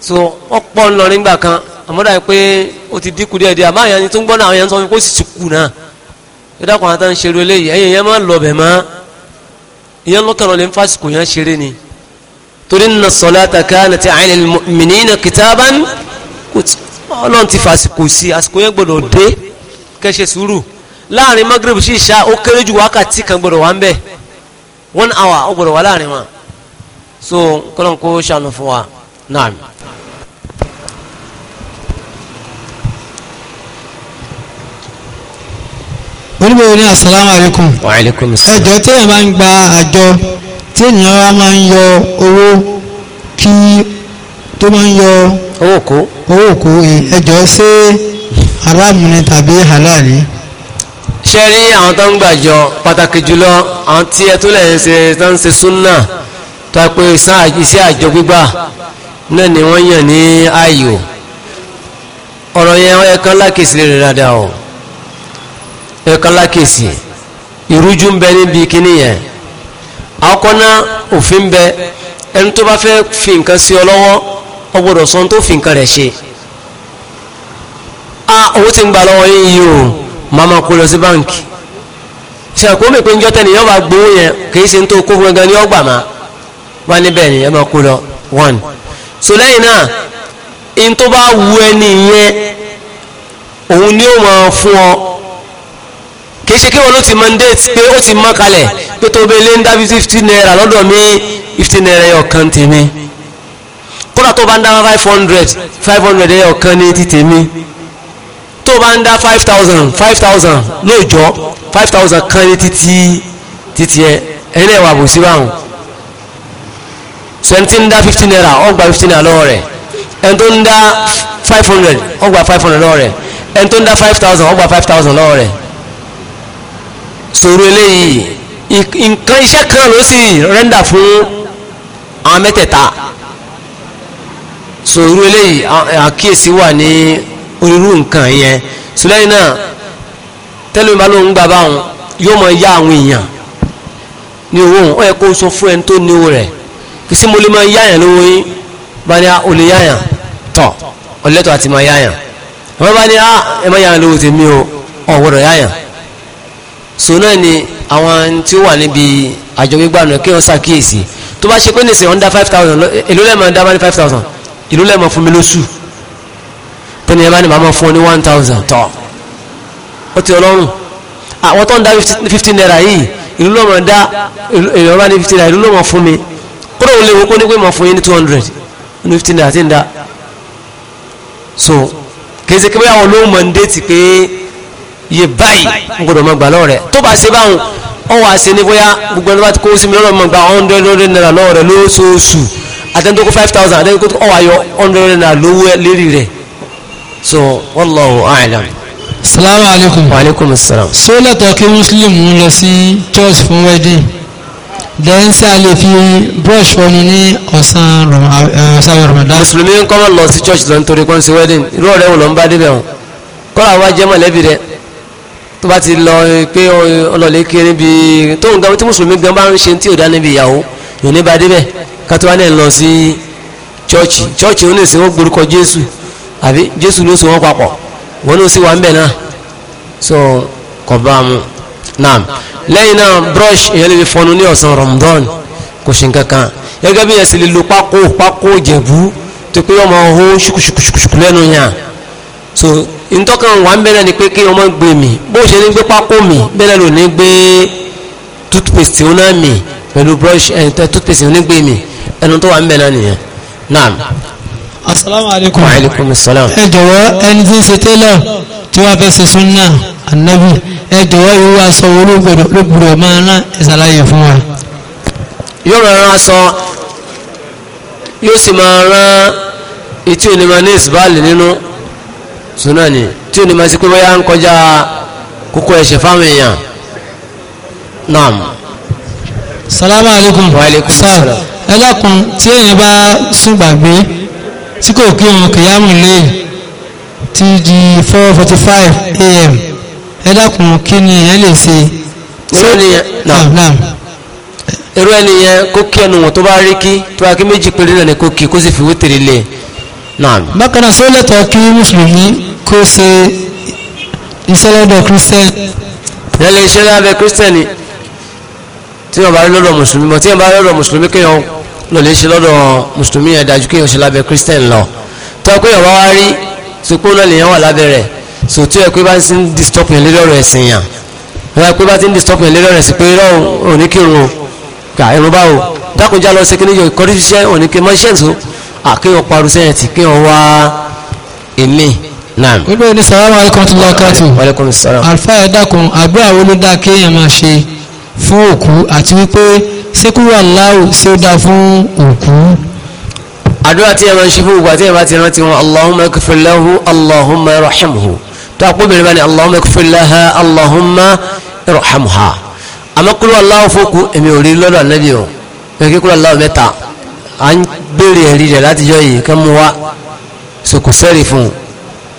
so wọ́n pọ̀ ń lọ nígbà kan àmọ́dá yìí pé ó ti dínkù díẹ̀ díẹ̀ àmọ́ àyàn tó ń gbọ́dọ̀ àwọn yẹn ń sọ fún kó sì ti kù náà yọ̀dá kan àtàn ṣerú eléyìí ẹ̀yìn yẹn máa ń lọ mọ́ ìyẹn lọ́kànlọ́ lè ń fásitì kò yẹn ṣeré ni torí nà salata kanat 'ala al-mu'minina kitaban ọlọ́run ti fàsìkò sí àsìkò yẹn gbọ́dọ̀ dé kẹ́ṣe sùúrù láàrin magreb sí ìṣá ó kéré ju wákàtí kan gbọ́dọ̀ wá ń bẹ̀ one hour ó gbọ́dọ̀ wá láàrin wọn so kọ́lọ́n kó ṣàánú fún wa náà. oníbẹ̀rẹ̀ ní asalaamu alaykum. wa alaykum salaam. ẹjọ́ téèyàn máa ń gba àjọ téèyàn wá máa ń yọ owó kí tó máa ń yọ. owó kó. owó kó ẹjọ́ ṣé haramu ni tàbí halali. ṣé rí àwọn tó ń gbàjọ pàtàkì jùlọ àwọn tí ẹ tó lè ṣe tó ń ṣe súnà tó a pé iṣẹ́ àjọ gbígbà náà ni wọ́n yàn ní ààyò ọ̀rọ̀ yẹn wọ́n yẹ kán lákèsí rẹ̀ dáadáa o. ẹ̀kọ́lá kèsì ìrújú ń bẹ níbi kíní yẹn àkọ́kọ́ òfin bẹ ẹni tó bá fẹ́ fi nǹkan tó a owó ti ń gbà yín yìí o màá kó lọ sí báǹkì pé yọba gbowó kì ni kó so lẹ́yìn náà wu òun kìí ṣe kí wọn ló ti mandate pé ó ti mọ́ kalẹ̀ pé tó bẹ lé ń dá fifty naira lọ́dọ̀ mi fifty naira yẹ ọ̀kan tèmi kódà tó bá ń dá five hundred five hundred yẹ ọ̀kan ní ti tèmi tó bá ń dá five thousand five thousand lóòjọ́ five thousand kan ní títí títí ẹ ẹ̀yin náà wà bò sí báwọn so ẹni ń dá fifty naira ó fifty naira lọ́wọ́ rẹ̀ ẹni tó ń dá five hundred ó five hundred lọ́wọ́ rẹ̀ ẹni tó ń dá five thousand ó five thousand lọ́wọ́ rẹ̀ sọ̀rọ̀ eléyìí nǹkan iṣẹ́ kan ló sì rẹ́ndà fún àwọn mẹ́tẹ̀ẹ̀ta sọ̀rọ̀ eléyìí àkíyèsí wà ní onírú nǹkan yẹn sùlẹ́yìn náà tẹ́lẹ̀ bá lóun gbà báwọn yóò mọ ya àwọn èèyàn ní owó wọn ó yẹ kó sọ fún ẹni tó ní owó rẹ̀ kì í sí mo lè máa yáyàn lówó yín bá ní o lè yáyàn tọ̀ ọ̀lẹ́tọ̀ àti máa yáyàn wọ́n bá ní ẹ máa yáyàn lówó tèmi o ọ̀wọ́dọ̀ yáyàn so náà ni àwọn tí ó wà níbi àjọ gbígbà náà kí wọ́n ṣàkíyèsí tó bá ṣe pé nìsín ọ̀ndà five thousand èló lẹ́mọ̀ dá bá ní five thousand èló lẹ́mọ̀ fún mi lóṣù pé ní ẹ bá ní màmá fún ọ ní one thousand tọ́ ó ti ọlọ́run àwọn tó ń dá fifteen naira yìí èló lọ́mọ da. èló bá ní fifteen naira èló lọ́mọ fún mi kúrò ó léwu kó ní pé mọ̀ fún yín ní two hundred ní fifteen naira ti ń dá so kèsì kí wọ́n yà wọ́n ló mọ̀ yé báyìí n gbọ́dọ̀ mọ gbà lọ́wọ́ rẹ̀ tó bá ṣe báwọn ọ wà ṣe ní bóyá gbogbo ẹni bá ti kó sí mi lọ́dọ̀ mọ gbà hundred hundred naira lọ́wọ́ rẹ̀ lóṣooṣù àtẹnudó five thousand àtẹnudó kó ọ wà yọ hundred naira lówó lérí rẹ̀ so wallahu a'lam. salaamu alaykum. wa alaykum salaam. Sola tó kí muslim lọ sí church fún wedding then ṣe a lè fi brush fọnu ní eh, ọ̀sán ramadan. mùsùlùmí ń kọ́ lọ sí church lọ nítorí pé wedding irú ọ̀rẹ́ wọn lọ ń bá débẹ̀ wọn kọ́ra wa jẹ́ mọ̀lẹ́bí rẹ̀ tó bá ti lọ pé ọlọ́lẹ̀ kiri bí tó ń gan tí mùsùlùmí gan bá ń ṣe tí ò dá níbi ìyàwó yóò ní bá débẹ̀ kátó wá náà lọ sí chọ́ọ̀chì chọ́ọ̀chì ó lè sìn wọ́n gborúkọ jésù àbí jésù ló sìn wọ́n papọ̀ wọ́n ló sì wà bẹ̀ náà so kò bá mu naam lẹ́yìn náà brush èèyàn lè fi fọnu ní ọ̀sán rọ̀mùdọ́n kò ṣe nǹkan kan gẹ́gẹ́ bí ẹ̀sìn lè lo pákó pákó ìjẹ̀bú tó pé ọmọ ọ̀hún ṣùkùṣùkùṣùkù lẹ́nu yàn so ntọ́kàn wà ń bẹ̀rẹ̀ ni pé kí ọmọ gbé mi bó ṣe ní gbé pákó mi bẹ́ẹ̀ ló ní gbé toothpaste ó náà mi pẹ̀lú brush ẹ̀ eh, toothpaste ó ní gbé mi ẹnu tó wà ń bẹ̀rẹ̀ nìyẹn naam. asalaamualeykum wa salaam. ẹ jọ̀wọ́ ẹni tí ń ṣe tẹ́lẹ̀ tí wàá fẹ́ ṣe súnà ànábì ẹ jọ̀wọ́ yóò wá sọ owó lóògbòdò máa ń rán ìsàlàyé fún wa. yóò rán aṣọ yóò sì máa rán etí onímọ̀ ní ìsìbáàlì nínú sùnà ni tí o ní ma ṣe pé bóyá ń kọjá kókó ẹ̀ṣẹ̀ fáwọn èèyàn naam. salamu alaykum sir ẹ tí èèyàn bá sùn gbàgbé tí kò kí òun kìyàmù lẹ́yìn ti di four forty five a.m. ẹ lọ́kùn kí ni èèyàn lè ṣe. naam ah, naam irú ẹni yẹn kó kí ẹnu wọn tó bá rí kí tó bá kí méjì péré náà ni kó kó sì fi wítìrì lé e bákan náà sóòlẹ̀ tó kí mùsùlùmí kó ṣe iṣẹ́ lọ́dọ̀ kírísítẹ́nì. ìyẹn lè ṣe lábẹ́ kírísítẹ́nì tí wọ́n bá rí lọ́dọ̀ mùsùlùmí mọ̀ tí wọ́n bá rí lọ́dọ̀ mùsùlùmí kéèyàn lò lè ṣe lọ́dọ̀ mùsùlùmí yẹn dájú kéèyàn ṣe lábẹ́ kírísítẹ́nì lọ tó pé ọ̀rọ̀ wa rí sopó náà lèèyàn wà lábẹ́ rẹ̀ so tí ẹ pé bá ti ń disturb yẹn lórí ọ̀rọ̀ ẹ̀sìn yàn wọ́n yà pé bá ti ń disturb yẹn lórí ọ̀rọ̀ ẹ̀sìn pé irọ́ òní kírun o gbà irun báwo dákunjá lọ sí kíníjọ ìkọ́rí ṣiṣẹ́ òní kí mọ́ṣẹ́ nìṣó àkéwọ̀n ah, parusẹ́yìn tí kéwọ̀n wá èmi náà. wípé ní sàrámà alaikum tó lọ́ọ́ kàtó alfa ẹ̀dàkùn àdúrà wo ló dá kéèyàn máa ṣe fún òkú àti wípé sékúrò aláwò sí ó dá fún òkú. àdúrà tí ẹ máa ń ṣe fún òkú àti ẹ bá ti rántí wọn allahumma ighfir lahu allahumma irhamhu tó àpòbìnrin bá ní allahumma ighfir laha allahumma irhamha àmọ́ kúrò aláwò fún òkú èmi ò rí lọ́dọ̀ ànábì o èmi kúrò mẹ́ta à ń béèrè ẹ̀rí rẹ̀ látijọ́ yìí kán mú wa so kò sẹ́rì fún un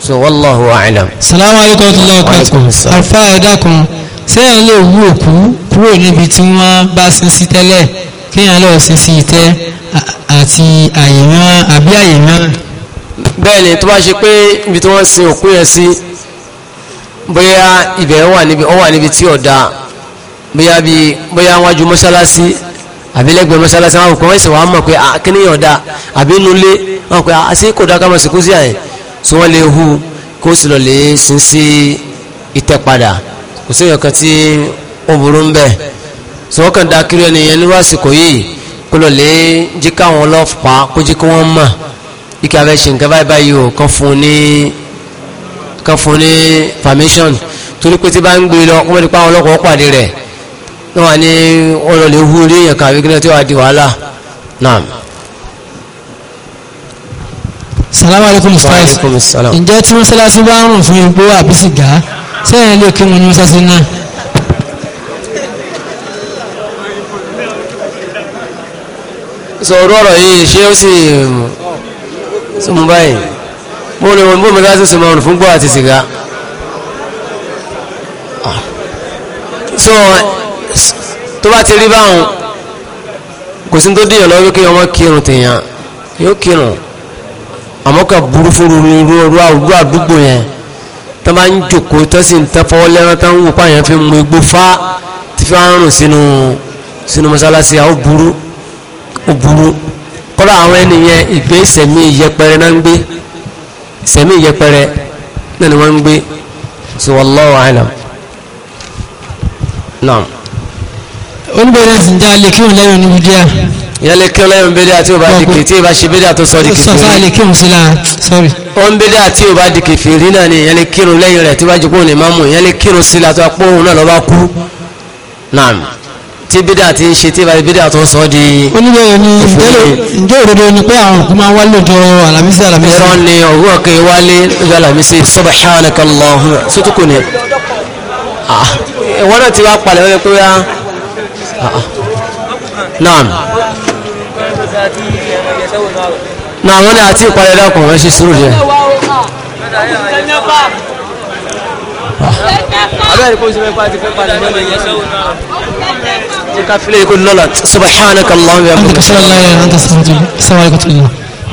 so wallahu a'lam. salamu alaykum wa rahmatulahi wa barakatuh alfa ẹ̀dá kan sẹ́yìn lè wú òkú kúrò níbi tí wọ́n bá sin sí tẹ́lẹ̀ kéèyàn lọ sin sí ìtẹ́ àti àyè àbí àyè bẹ́ẹ̀ ni tó bá ṣe pé ibi tí wọ́n sin òkú yẹn sí bóyá ibẹ̀ wà níbi tí ọ̀dà bóyá bíi bóyá wájú mọ́ṣáláṣí àbílẹ́gbẹ̀ mọ́sálásí àwọn òkú wọn sì wàá mọ̀ pé ah, kíníyàn dá àbí nulẹ̀ wọn pé ah, àṣẹ kò dá kámọ̀ sìnkú sí àyẹ̀ tí wọ́n lè hu kó sì lọ lè sin sí ìtẹ́ padà kò sí ìyọ̀kan tí ó burú ń bẹ̀ tí wọ́n kàn dá kiri ẹnìyẹn nírú àsìkò yìí kó lọ lè jí káwọn ọlọ́pàá kó jí kí wọ́n mọ̀ ike abẹ́ ṣe nǹkan báyìí báyìí o kan fún ní kan fún ní permission torí pé tí bá ń gbé lọ kó mọ̀ nípa àwọn ọlọ́pàá pàdé rẹ̀ náà wà ní ọ̀rọ̀ lè hu orí èèyàn kàwé gíná tí wàá di wàhálà náà. salamu alaykum ustaz ǹjẹ́ tí mọ́sálásí bá ń rùn fún epo àbí sìgá sẹ́yìn lè kí wọn ní mọ́sálásí náà. sọ̀rọ̀ ọ̀rọ̀ yìí ṣé ó sì súnmú báyìí bó ni wọn bó mi láti súnmọ́ ọ̀rùn fún gbọ́ àti sìgá. Ah tó bá ti rí báwọn kò sí tó dìyàn lọ́wọ́ kí ọmọ kírun tèèyàn yóò kírun àmọ́ kà burú fún irú irú àdúgbò yẹn tó bá ń jòkó tó sì ń tẹ́ fọwọ́ lẹ́rán tó ń wò páyàn fi mú igbó fá ti fi rárùn sínú sínú mọ́sálásí àwọn burú ó burú kọ́lá àwọn ènìyàn ìgbé ìsẹ̀mí ìyẹpẹrẹ náà ń gbé ìsẹ̀mí ìyẹpẹrẹ náà ni wọ́n ń gbé sí wallahu a'lam. Naam oníbẹ̀rẹ̀ sì ń já lè kírun lẹ́yìn oníbi díà. ìyá lè kírun lẹ́yìn bẹ́ẹ̀ àti òbá di kìtì ìbá ṣe bẹ́ẹ̀ àti sọ̀rọ̀ kìtì. sọ̀sọ́ lè kírun sí la sọ́rí. òun bẹ́ẹ̀ àti òbá di kèfèrí náà ni ìyá lè kírun lẹ́yìn rẹ̀ tí wàá jẹ́kọ́ ní mámù ìyá lè kírun sí la tó apó òun náà lọ́ba kú. naam tí bídà ti ń ṣe tí ìbá bídà tó sọ di. oníbẹ̀rẹ̀ ni ǹjẹ́ òdodo naam na àwọn ní àti ìparí ẹ̀dàkùn rẹ̀ ṣe sùúrù díẹ̀ abẹ́rẹ́ kó sinmi pa ti fẹ́ padà ní ọ̀nà ìyẹn ṣe ká fílẹ̀ ikú lọ́la subhanaka Allahumma wa bihamdika ashhadu an la ilaha illa anta astaghfiruka wa atubu ilayk